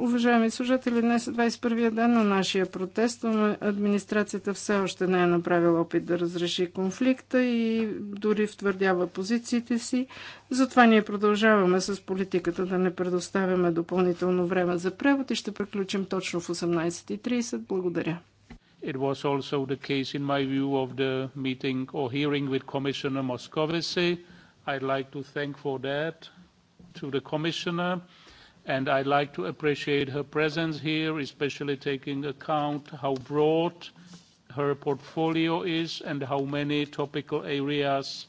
Уважаеми служители, днес е 21-я ден на нашия протест. Администрацията все още не е направила опит да разреши конфликта и дори втвърдява позициите си. Затова ние продължаваме с политиката да не предоставяме допълнително време за превод и ще приключим точно в 18.30. Благодаря. It was also the case in my view of the meeting or hearing with Commissioner Moscovici. I'd like to thank for that to the Commissioner and I'd like to appreciate her presence here, especially taking account how broad her portfolio is and how many topical areas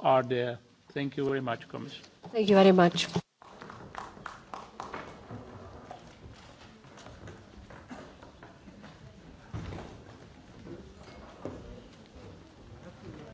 are there. Thank you very much, Commissioner. Thank you very much.